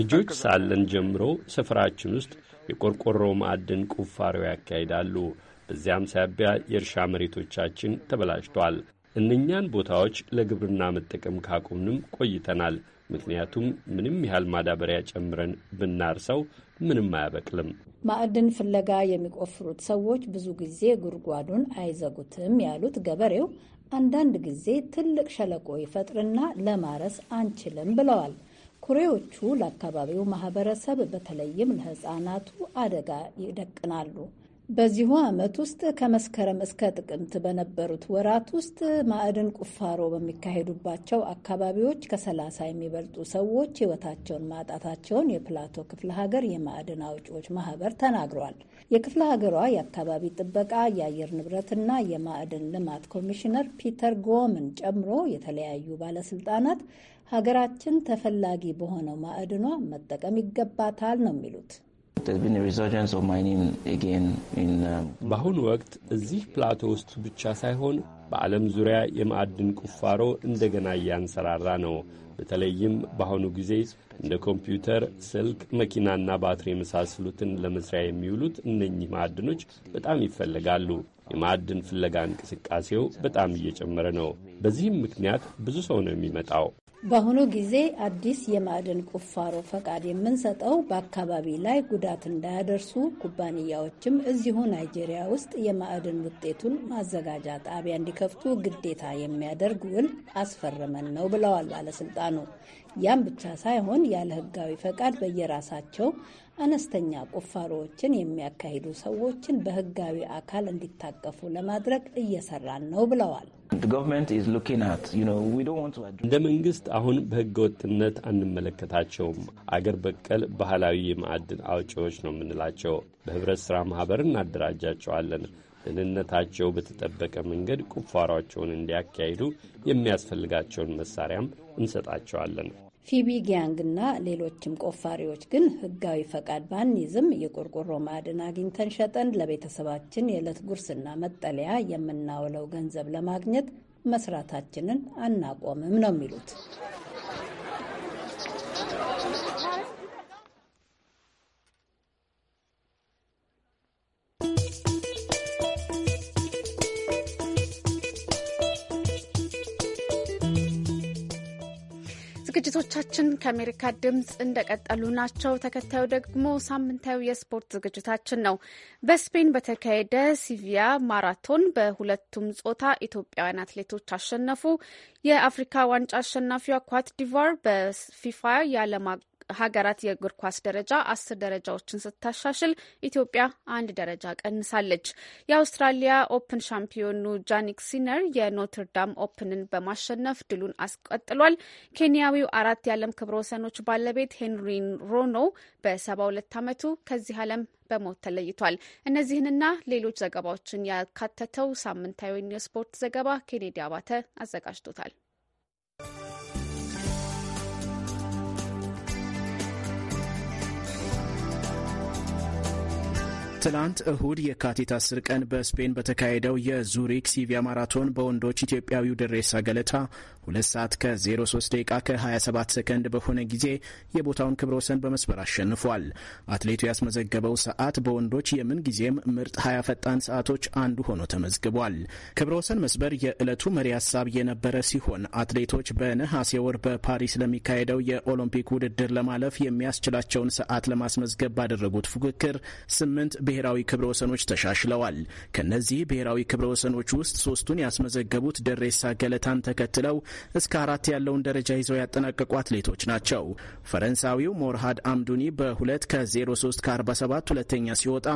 ልጆች ሳለን ጀምሮ ሰፈራችን ውስጥ የቆርቆሮ ማዕድን ቁፋሮ ያካሂዳሉ። በዚያም ሳቢያ የእርሻ መሬቶቻችን ተበላሽቷል። እነኛን ቦታዎች ለግብርና መጠቀም ካቆምንም ቆይተናል። ምክንያቱም ምንም ያህል ማዳበሪያ ጨምረን ብናርሰው ምንም አያበቅልም። ማዕድን ፍለጋ የሚቆፍሩት ሰዎች ብዙ ጊዜ ጉድጓዱን አይዘጉትም ያሉት ገበሬው፣ አንዳንድ ጊዜ ትልቅ ሸለቆ ይፈጥርና ለማረስ አንችልም ብለዋል። ኩሬዎቹ ለአካባቢው ማህበረሰብ በተለይም ለህጻናቱ አደጋ ይደቅናሉ። በዚሁ ዓመት ውስጥ ከመስከረም እስከ ጥቅምት በነበሩት ወራት ውስጥ ማዕድን ቁፋሮ በሚካሄዱባቸው አካባቢዎች ከሰላሳ የሚበልጡ ሰዎች ሕይወታቸውን ማጣታቸውን የፕላቶ ክፍለ ሀገር የማዕድን አውጪዎች ማህበር ተናግሯል። የክፍለ ሀገሯ የአካባቢ ጥበቃ የአየር ንብረትና የማዕድን ልማት ኮሚሽነር ፒተር ጎምን ጨምሮ የተለያዩ ባለስልጣናት ሀገራችን ተፈላጊ በሆነው ማዕድኗ መጠቀም ይገባታል ነው የሚሉት። Um, በአሁኑ ወቅት እዚህ ፕላቶ ውስጥ ብቻ ሳይሆን በዓለም ዙሪያ የማዕድን ቁፋሮ እንደገና እያንሰራራ ነው። በተለይም በአሁኑ ጊዜ እንደ ኮምፒውተር፣ ስልክ፣ መኪናና ባትሪ የመሳሰሉትን ለመስሪያ የሚውሉት እነኚህ ማዕድኖች በጣም ይፈለጋሉ። የማዕድን ፍለጋ እንቅስቃሴው በጣም እየጨመረ ነው። በዚህም ምክንያት ብዙ ሰው ነው የሚመጣው። በአሁኑ ጊዜ አዲስ የማዕድን ቁፋሮ ፈቃድ የምንሰጠው በአካባቢ ላይ ጉዳት እንዳያደርሱ ኩባንያዎችም እዚሁ ናይጄሪያ ውስጥ የማዕድን ውጤቱን ማዘጋጃ ጣቢያ እንዲከፍቱ ግዴታ የሚያደርግ ውል አስፈርመን ነው ብለዋል ባለስልጣኑ። ያም ብቻ ሳይሆን ያለ ሕጋዊ ፈቃድ በየራሳቸው አነስተኛ ቁፋሮዎችን የሚያካሂዱ ሰዎችን በህጋዊ አካል እንዲታቀፉ ለማድረግ እየሰራን ነው ብለዋል። እንደ መንግስት አሁን ወጥነት አንመለከታቸውም። አገር በቀል ባህላዊ የማዕድን አውጪዎች ነው የምንላቸው። በህብረት ሥራ ማኅበር እናደራጃቸዋለን። ደህንነታቸው በተጠበቀ መንገድ ቁፋሯቸውን እንዲያካሂዱ የሚያስፈልጋቸውን መሳሪያም እንሰጣቸዋለን። ፊቢ ጊያንግ እና ሌሎችም ቆፋሪዎች ግን ህጋዊ ፈቃድ ባንይዝም የቆርቆሮ ማዕድን አግኝተን ሸጠን ለቤተሰባችን የዕለት ጉርስና መጠለያ የምናውለው ገንዘብ ለማግኘት መስራታችንን አናቆምም ነው የሚሉት። ዝግጅቶቻችን ከአሜሪካ ድምፅ እንደቀጠሉ ናቸው። ተከታዩ ደግሞ ሳምንታዊ የስፖርት ዝግጅታችን ነው። በስፔን በተካሄደ ሲቪያ ማራቶን በሁለቱም ጾታ ኢትዮጵያውያን አትሌቶች አሸነፉ። የአፍሪካ ዋንጫ አሸናፊዋ ኳት ዲቫር በፊፋ የዓለም ሀገራት የእግር ኳስ ደረጃ አስር ደረጃዎችን ስታሻሽል ኢትዮጵያ አንድ ደረጃ ቀንሳለች። የአውስትራሊያ ኦፕን ሻምፒዮኑ ጃኒክ ሲነር የኖትርዳም ኦፕንን በማሸነፍ ድሉን አስቀጥሏል። ኬንያዊው አራት የዓለም ክብረ ወሰኖች ባለቤት ሄንሪ ሮኖ በሰባ ሁለት ዓመቱ ከዚህ ዓለም በሞት ተለይቷል። እነዚህንና ሌሎች ዘገባዎችን ያካተተው ሳምንታዊ የስፖርት ዘገባ ኬኔዲ አባተ አዘጋጅቶታል። ትላንት እሁድ የካቲት አስር ቀን በስፔን በተካሄደው የዙሪክ ሲቪያ ማራቶን በወንዶች ኢትዮጵያዊው ድሬሳ ገለታ ሁለት ሰዓት ከ03 ደቂቃ ከ27 ሰከንድ በሆነ ጊዜ የቦታውን ክብረ ወሰን በመስበር አሸንፏል። አትሌቱ ያስመዘገበው ሰዓት በወንዶች የምን ጊዜም ምርጥ ሀያ ፈጣን ሰዓቶች አንዱ ሆኖ ተመዝግቧል። ክብረ ወሰን መስበር የዕለቱ መሪ ሀሳብ የነበረ ሲሆን አትሌቶች በነሐሴ ወር በፓሪስ ለሚካሄደው የኦሎምፒክ ውድድር ለማለፍ የሚያስችላቸውን ሰዓት ለማስመዝገብ ባደረጉት ፉክክር ስምንት ብሔራዊ ክብረ ወሰኖች ተሻሽለዋል። ከእነዚህ ብሔራዊ ክብረ ወሰኖች ውስጥ ሶስቱን ያስመዘገቡት ደሬሳ ገለታን ተከትለው እስከ አራት ያለውን ደረጃ ይዘው ያጠናቀቁ አትሌቶች ናቸው። ፈረንሳዊው ሞርሃድ አምዱኒ በ2 ከ03 ከ47 ሁለተኛ ሲወጣ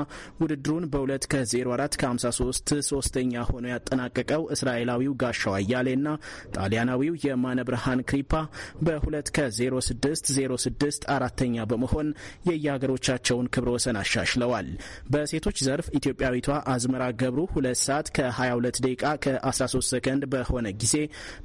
ውድድሩን በ2 ከ04 ከ53 ሶስተኛ ሆኖ ያጠናቀቀው እስራኤላዊው ጋሻው አያሌና ጣሊያናዊው የማነ ብርሃን ክሪፓ በ2 ከ06 06 አራተኛ በመሆን የየሀገሮቻቸውን ክብረ ወሰን አሻሽለዋል። በሴቶች ዘርፍ ኢትዮጵያዊቷ አዝመራ ገብሩ 2 ሰዓት ከ22 ደቂቃ ከ13 ሰከንድ በሆነ ጊዜ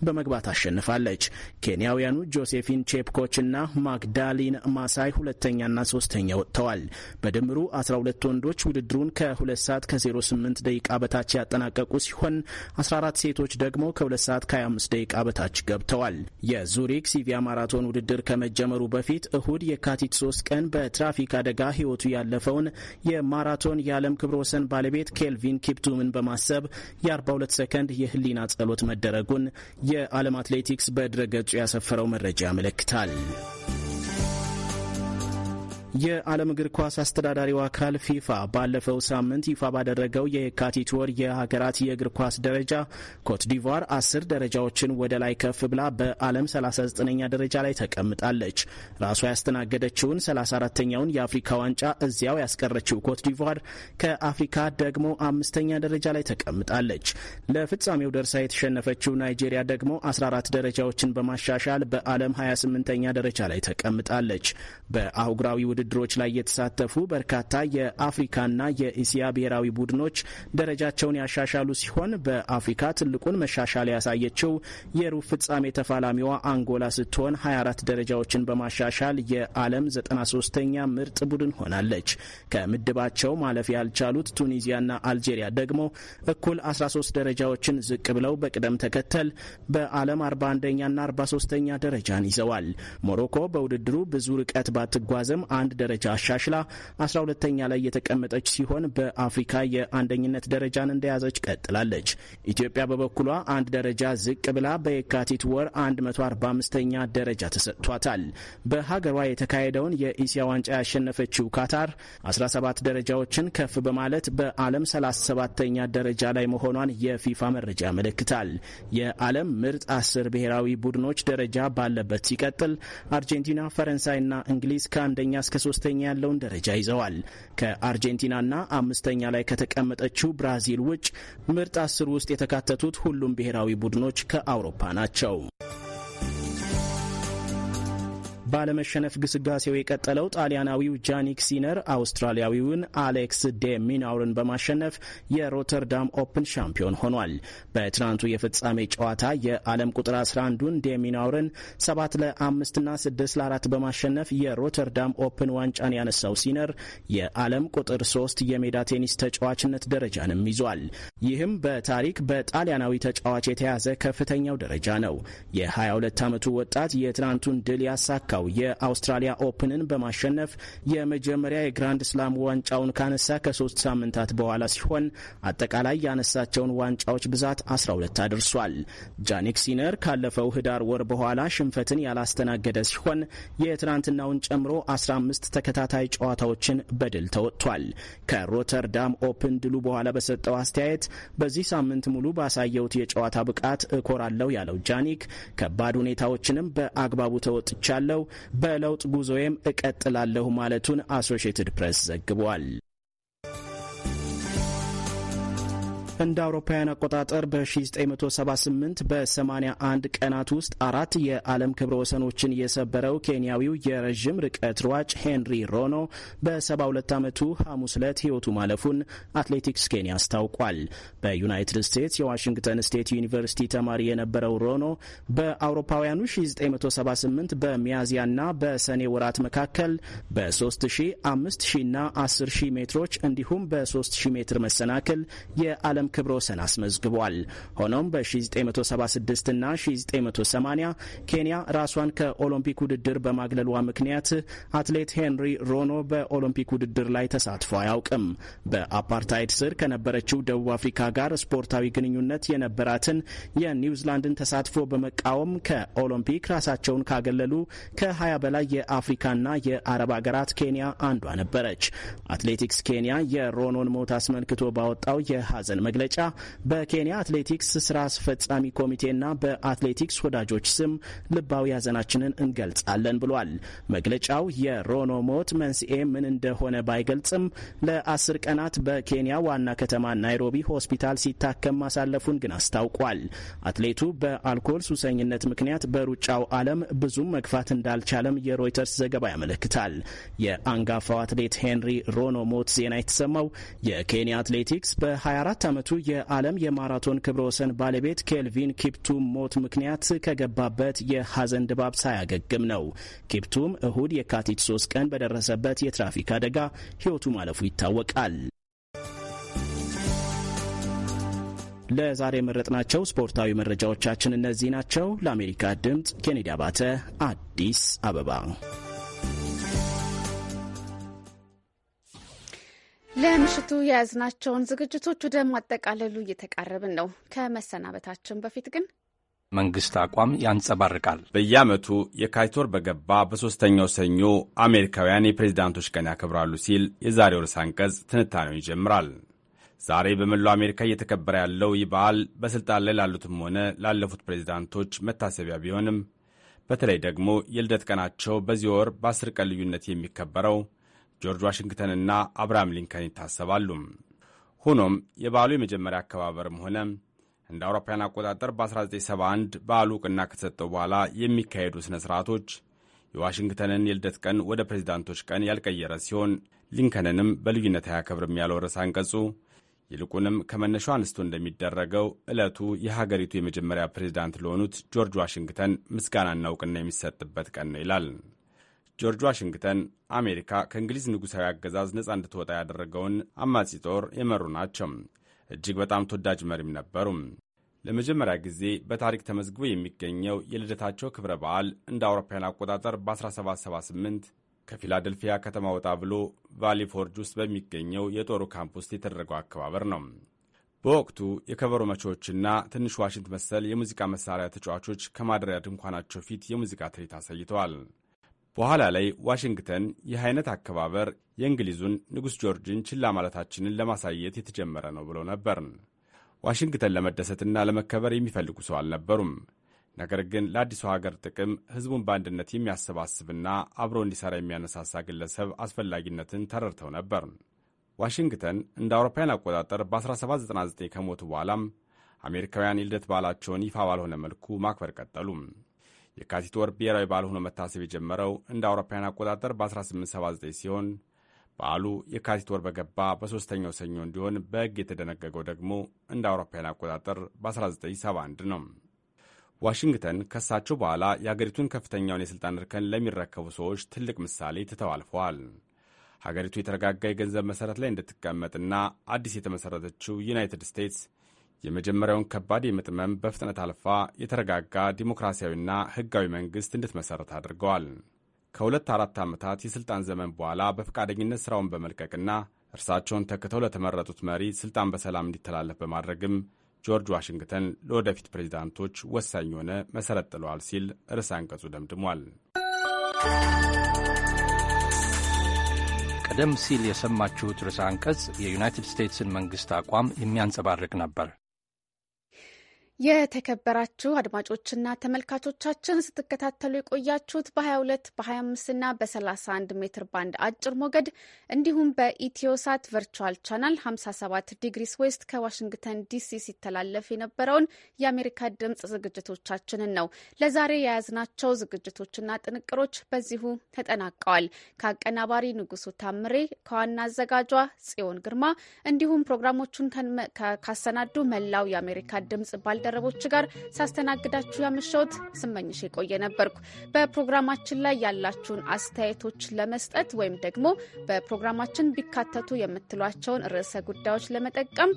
በመግባት ታሸንፋለች። ኬንያውያኑ ጆሴፊን ቼፕኮች እና ማግዳሊን ማሳይ ሁለተኛና ሶስተኛ ወጥተዋል። በድምሩ 12 ወንዶች ውድድሩን ከ2 ሰዓት ከ08 ደቂቃ በታች ያጠናቀቁ ሲሆን 14 ሴቶች ደግሞ ከ2 ሰዓት ከ25 ደቂቃ በታች ገብተዋል። የዙሪክ ሲቪያ ማራቶን ውድድር ከመጀመሩ በፊት እሁድ የካቲት 3 ቀን በትራፊክ አደጋ ሕይወቱ ያለፈውን የማራቶን የዓለም ክብረ ወሰን ባለቤት ኬልቪን ኪፕቱምን በማሰብ የ42 ሰከንድ የህሊና ጸሎት መደረጉን የዓለም ዓለም አትሌቲክስ በድረገጹ ያሰፈረው መረጃ ያመለክታል። የዓለም እግር ኳስ አስተዳዳሪው አካል ፊፋ ባለፈው ሳምንት ይፋ ባደረገው የየካቲት ወር የሀገራት የእግር ኳስ ደረጃ ኮትዲቫር አስር ደረጃዎችን ወደ ላይ ከፍ ብላ በዓለም 39ኛ ደረጃ ላይ ተቀምጣለች። ራሷ ያስተናገደችውን 34ተኛውን የአፍሪካ ዋንጫ እዚያው ያስቀረችው ኮትዲቫር ከአፍሪካ ደግሞ አምስተኛ ደረጃ ላይ ተቀምጣለች። ለፍጻሜው ደርሳ የተሸነፈችው ናይጄሪያ ደግሞ 14 ደረጃዎችን በማሻሻል በዓለም 28ኛ ደረጃ ላይ ተቀምጣለች። በአህጉራዊ ውድድ ውድድሮች ላይ የተሳተፉ በርካታ የአፍሪካና የእስያ ብሔራዊ ቡድኖች ደረጃቸውን ያሻሻሉ ሲሆን በአፍሪካ ትልቁን መሻሻል ያሳየችው የሩብ ፍጻሜ ተፋላሚዋ አንጎላ ስትሆን 24 ደረጃዎችን በማሻሻል የዓለም 93ኛ ምርጥ ቡድን ሆናለች። ከምድባቸው ማለፍ ያልቻሉት ቱኒዚያና አልጄሪያ ደግሞ እኩል 13 ደረጃዎችን ዝቅ ብለው በቅደም ተከተል በዓለም 41ኛና 43ኛ ደረጃን ይዘዋል። ሞሮኮ በውድድሩ ብዙ ርቀት ባትጓዝም አንድ ደረጃ አሻሽላ አስራ ሁለተኛ ላይ የተቀመጠች ሲሆን በአፍሪካ የአንደኝነት ደረጃን እንደያዘች ቀጥላለች። ኢትዮጵያ በበኩሏ አንድ ደረጃ ዝቅ ብላ በየካቲት ወር 145ኛ ደረጃ ተሰጥቷታል። በሀገሯ የተካሄደውን የኢሲያ ዋንጫ ያሸነፈችው ካታር 17 ደረጃዎችን ከፍ በማለት በዓለም 37ኛ ደረጃ ላይ መሆኗን የፊፋ መረጃ ያመለክታል። የዓለም ምርጥ አስር ብሔራዊ ቡድኖች ደረጃ ባለበት ሲቀጥል አርጀንቲና፣ ፈረንሳይና እንግሊዝ ከአንደኛ እስከ ሶስተኛ ያለውን ደረጃ ይዘዋል። ከአርጀንቲናና አምስተኛ ላይ ከተቀመጠችው ብራዚል ውጭ ምርጥ አስር ውስጥ የተካተቱት ሁሉም ብሔራዊ ቡድኖች ከአውሮፓ ናቸው። ባለመሸነፍ ግስጋሴው የቀጠለው ጣሊያናዊው ጃኒክ ሲነር አውስትራሊያዊውን አሌክስ ዴ ሚናውርን በማሸነፍ የሮተርዳም ኦፕን ሻምፒዮን ሆኗል። በትናንቱ የፍጻሜ ጨዋታ የዓለም ቁጥር 11ን ዴ ሚናውርን 7 ለ5 ና 6 ለ4 በማሸነፍ የሮተርዳም ኦፕን ዋንጫን ያነሳው ሲነር የዓለም ቁጥር 3 የሜዳ ቴኒስ ተጫዋችነት ደረጃንም ይዟል። ይህም በታሪክ በጣሊያናዊ ተጫዋች የተያዘ ከፍተኛው ደረጃ ነው። የ22 ዓመቱ ወጣት የትናንቱን ድል ያሳካ አሜሪካው የአውስትራሊያ ኦፕንን በማሸነፍ የመጀመሪያ የግራንድ ስላም ዋንጫውን ካነሳ ከሶስት ሳምንታት በኋላ ሲሆን አጠቃላይ ያነሳቸውን ዋንጫዎች ብዛት 12 አድርሷል። ጃኒክ ሲነር ካለፈው ህዳር ወር በኋላ ሽንፈትን ያላስተናገደ ሲሆን የትናንትናውን ጨምሮ 15 ተከታታይ ጨዋታዎችን በድል ተወጥቷል። ከሮተርዳም ኦፕን ድሉ በኋላ በሰጠው አስተያየት በዚህ ሳምንት ሙሉ ባሳየሁት የጨዋታ ብቃት እኮራለሁ ያለው ጃኒክ ከባድ ሁኔታዎችንም በአግባቡ ተወጥቻለሁ። በለውጥ ጉዞዬም እቀጥላለሁ ማለቱን አሶሽየትድ ፕሬስ ዘግቧል። እንደ አውሮፓውያን አቆጣጠር በ1978 በ81 ቀናት ውስጥ አራት የዓለም ክብረ ወሰኖችን የሰበረው ኬንያዊው የረዥም ርቀት ሯጭ ሄንሪ ሮኖ በ72 ዓመቱ ሐሙስ ዕለት ሕይወቱ ማለፉን አትሌቲክስ ኬንያ አስታውቋል። በዩናይትድ ስቴትስ የዋሽንግተን ስቴት ዩኒቨርሲቲ ተማሪ የነበረው ሮኖ በአውሮፓውያኑ 1978 በሚያዝያና በሰኔ ወራት መካከል በ3000፣ 5000ና 10000 ሜትሮች እንዲሁም በ3000 ሜትር መሰናክል የዓለም የሰላም ክብረ ወሰን አስመዝግቧል። ሆኖም በ1976 እና 1980 ኬንያ ራሷን ከኦሎምፒክ ውድድር በማግለሏ ምክንያት አትሌት ሄንሪ ሮኖ በኦሎምፒክ ውድድር ላይ ተሳትፎ አያውቅም። በአፓርታይድ ስር ከነበረችው ደቡብ አፍሪካ ጋር ስፖርታዊ ግንኙነት የነበራትን የኒውዚላንድን ተሳትፎ በመቃወም ከኦሎምፒክ ራሳቸውን ካገለሉ ከ20 በላይ የአፍሪካና የአረብ ሀገራት ኬንያ አንዷ ነበረች። አትሌቲክስ ኬንያ የሮኖን ሞት አስመልክቶ ባወጣው የሀዘን መግለጫ በኬንያ አትሌቲክስ ስራ አስፈጻሚ ኮሚቴና በአትሌቲክስ ወዳጆች ስም ልባዊ ሀዘናችንን እንገልጻለን ብሏል። መግለጫው የሮኖ ሞት መንስኤ ምን እንደሆነ ባይገልጽም ለአስር ቀናት በኬንያ ዋና ከተማ ናይሮቢ ሆስፒታል ሲታከም ማሳለፉን ግን አስታውቋል። አትሌቱ በአልኮል ሱሰኝነት ምክንያት በሩጫው ዓለም ብዙም መግፋት እንዳልቻለም የሮይተርስ ዘገባ ያመለክታል። የአንጋፋው አትሌት ሄንሪ ሮኖ ሞት ዜና የተሰማው የኬንያ አትሌቲክስ በ24 ዓመቱ በዕለቱ የዓለም የማራቶን ክብረ ወሰን ባለቤት ኬልቪን ኪፕቱም ሞት ምክንያት ከገባበት የሐዘን ድባብ ሳያገግም ነው። ኪፕቱም እሁድ የካቲት ሶስት ቀን በደረሰበት የትራፊክ አደጋ ሕይወቱ ማለፉ ይታወቃል። ለዛሬ የመረጥናቸው ስፖርታዊ መረጃዎቻችን እነዚህ ናቸው። ለአሜሪካ ድምፅ ኬኔዲ አባተ አዲስ አበባ ለምሽቱ የያዝናቸውን ዝግጅቶች ወደ ማጠቃለሉ እየተቃረብን ነው። ከመሰናበታችን በፊት ግን መንግስት አቋም ያንጸባርቃል። በየዓመቱ የካቲት በገባ በሦስተኛው ሰኞ አሜሪካውያን የፕሬዝዳንቶች ቀን ያከብራሉ ሲል የዛሬው ርዕሰ አንቀጽ ትንታኔውን ይጀምራል። ዛሬ በመላው አሜሪካ እየተከበረ ያለው ይህ በዓል በሥልጣን ላይ ላሉትም ሆነ ላለፉት ፕሬዝዳንቶች መታሰቢያ ቢሆንም በተለይ ደግሞ የልደት ቀናቸው በዚህ ወር በአስር ቀን ልዩነት የሚከበረው ጆርጅ ዋሽንግተንና አብርሃም ሊንከን ይታሰባሉ። ሆኖም የበዓሉ የመጀመሪያ አከባበርም ሆነ እንደ አውሮፓውያን አቆጣጠር በ1971 በዓሉ እውቅና ከተሰጠው በኋላ የሚካሄዱ ሥነ ሥርዓቶች የዋሽንግተንን የልደት ቀን ወደ ፕሬዚዳንቶች ቀን ያልቀየረ ሲሆን ሊንከንንም በልዩነት አያከብርም ያለው ርዕሰ አንቀጹ ይልቁንም ከመነሻው አንስቶ እንደሚደረገው ዕለቱ የሀገሪቱ የመጀመሪያ ፕሬዚዳንት ለሆኑት ጆርጅ ዋሽንግተን ምስጋናና እውቅና የሚሰጥበት ቀን ነው ይላል። ጆርጅ ዋሽንግተን አሜሪካ ከእንግሊዝ ንጉሣዊ አገዛዝ ነፃ እንድትወጣ ያደረገውን አማጺ ጦር የመሩ ናቸው። እጅግ በጣም ተወዳጅ መሪም ነበሩ። ለመጀመሪያ ጊዜ በታሪክ ተመዝግቦ የሚገኘው የልደታቸው ክብረ በዓል እንደ አውሮፓውያን አቆጣጠር በ1778 ከፊላደልፊያ ከተማ ወጣ ብሎ ቫሊ ፎርጅ ውስጥ በሚገኘው የጦሩ ካምፕ ውስጥ የተደረገው አከባበር ነው። በወቅቱ የከበሮ መቼዎችና ትንሽ ዋሽንት መሰል የሙዚቃ መሳሪያ ተጫዋቾች ከማደሪያ ድንኳናቸው ፊት የሙዚቃ ትርኢት አሳይተዋል። በኋላ ላይ ዋሽንግተን ይህ አይነት አከባበር የእንግሊዙን ንጉሥ ጆርጅን ችላ ማለታችንን ለማሳየት የተጀመረ ነው ብለው ነበር። ዋሽንግተን ለመደሰትና ለመከበር የሚፈልጉ ሰው አልነበሩም። ነገር ግን ለአዲሱ ሀገር ጥቅም ሕዝቡን በአንድነት የሚያሰባስብና አብሮ እንዲሠራ የሚያነሳሳ ግለሰብ አስፈላጊነትን ተረድተው ነበር። ዋሽንግተን እንደ አውሮፓውያን አቆጣጠር በ1799 ከሞቱ በኋላም አሜሪካውያን የልደት በዓላቸውን ይፋ ባልሆነ መልኩ ማክበር ቀጠሉ። የካቲት ወር ብሔራዊ በዓል ሆኖ መታሰብ የጀመረው እንደ አውሮፓውያን አቆጣጠር በ1879 ሲሆን በዓሉ የካቲት ወር በገባ በሦስተኛው ሰኞ እንዲሆን በሕግ የተደነገገው ደግሞ እንደ አውሮፓውያን አቆጣጠር በ1971 ነው። ዋሽንግተን ከሳቸው በኋላ የአገሪቱን ከፍተኛውን የሥልጣን እርከን ለሚረከቡ ሰዎች ትልቅ ምሳሌ ትተው አልፈዋል። ሀገሪቱ የተረጋጋ የገንዘብ መሠረት ላይ እንድትቀመጥና አዲስ የተመሠረተችው ዩናይትድ ስቴትስ የመጀመሪያውን ከባድ የመጥመም በፍጥነት አልፋ የተረጋጋ ዲሞክራሲያዊና ሕጋዊ መንግሥት እንድትመሠረት አድርገዋል። ከሁለት አራት ዓመታት የሥልጣን ዘመን በኋላ በፈቃደኝነት ሥራውን በመልቀቅና እርሳቸውን ተክተው ለተመረጡት መሪ ሥልጣን በሰላም እንዲተላለፍ በማድረግም ጆርጅ ዋሽንግተን ለወደፊት ፕሬዚዳንቶች ወሳኝ የሆነ መሠረት ጥለዋል ሲል ርዕሰ አንቀጹ ደምድሟል። ቀደም ሲል የሰማችሁት ርዕሰ አንቀጽ የዩናይትድ ስቴትስን መንግሥት አቋም የሚያንጸባርቅ ነበር። የተከበራችሁ አድማጮችና ተመልካቾቻችን ስትከታተሉ የቆያችሁት በ22 በ25ና በ31 ሜትር ባንድ አጭር ሞገድ እንዲሁም በኢትዮሳት ቨርቹዋል ቻናል 57 ዲግሪስ ዌስት ከዋሽንግተን ዲሲ ሲተላለፍ የነበረውን የአሜሪካ ድምፅ ዝግጅቶቻችንን ነው። ለዛሬ የያዝናቸው ዝግጅቶችና ጥንቅሮች በዚሁ ተጠናቀዋል። ከአቀናባሪ ንጉሱ ታምሬ፣ ከዋና አዘጋጇ ጽዮን ግርማ እንዲሁም ፕሮግራሞቹን ካሰናዱ መላው የአሜሪካ ድምጽ ባል። ባልደረቦች ጋር ሳስተናግዳችሁ ያመሸሁት ስመኝሽ የቆየ ነበርኩ። በፕሮግራማችን ላይ ያላችሁን አስተያየቶች ለመስጠት ወይም ደግሞ በፕሮግራማችን ቢካተቱ የምትሏቸውን ርዕሰ ጉዳዮች ለመጠቀም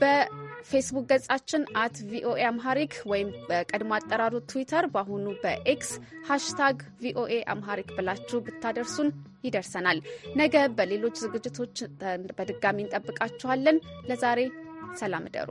በፌስቡክ ገጻችን አት ቪኦኤ አምሃሪክ ወይም በቀድሞ አጠራሩ ትዊተር በአሁኑ በኤክስ ሃሽታግ ቪኦኤ አምሃሪክ ብላችሁ ብታደርሱን ይደርሰናል። ነገ በሌሎች ዝግጅቶች በድጋሚ እንጠብቃችኋለን። ለዛሬ ሰላም እደሩ።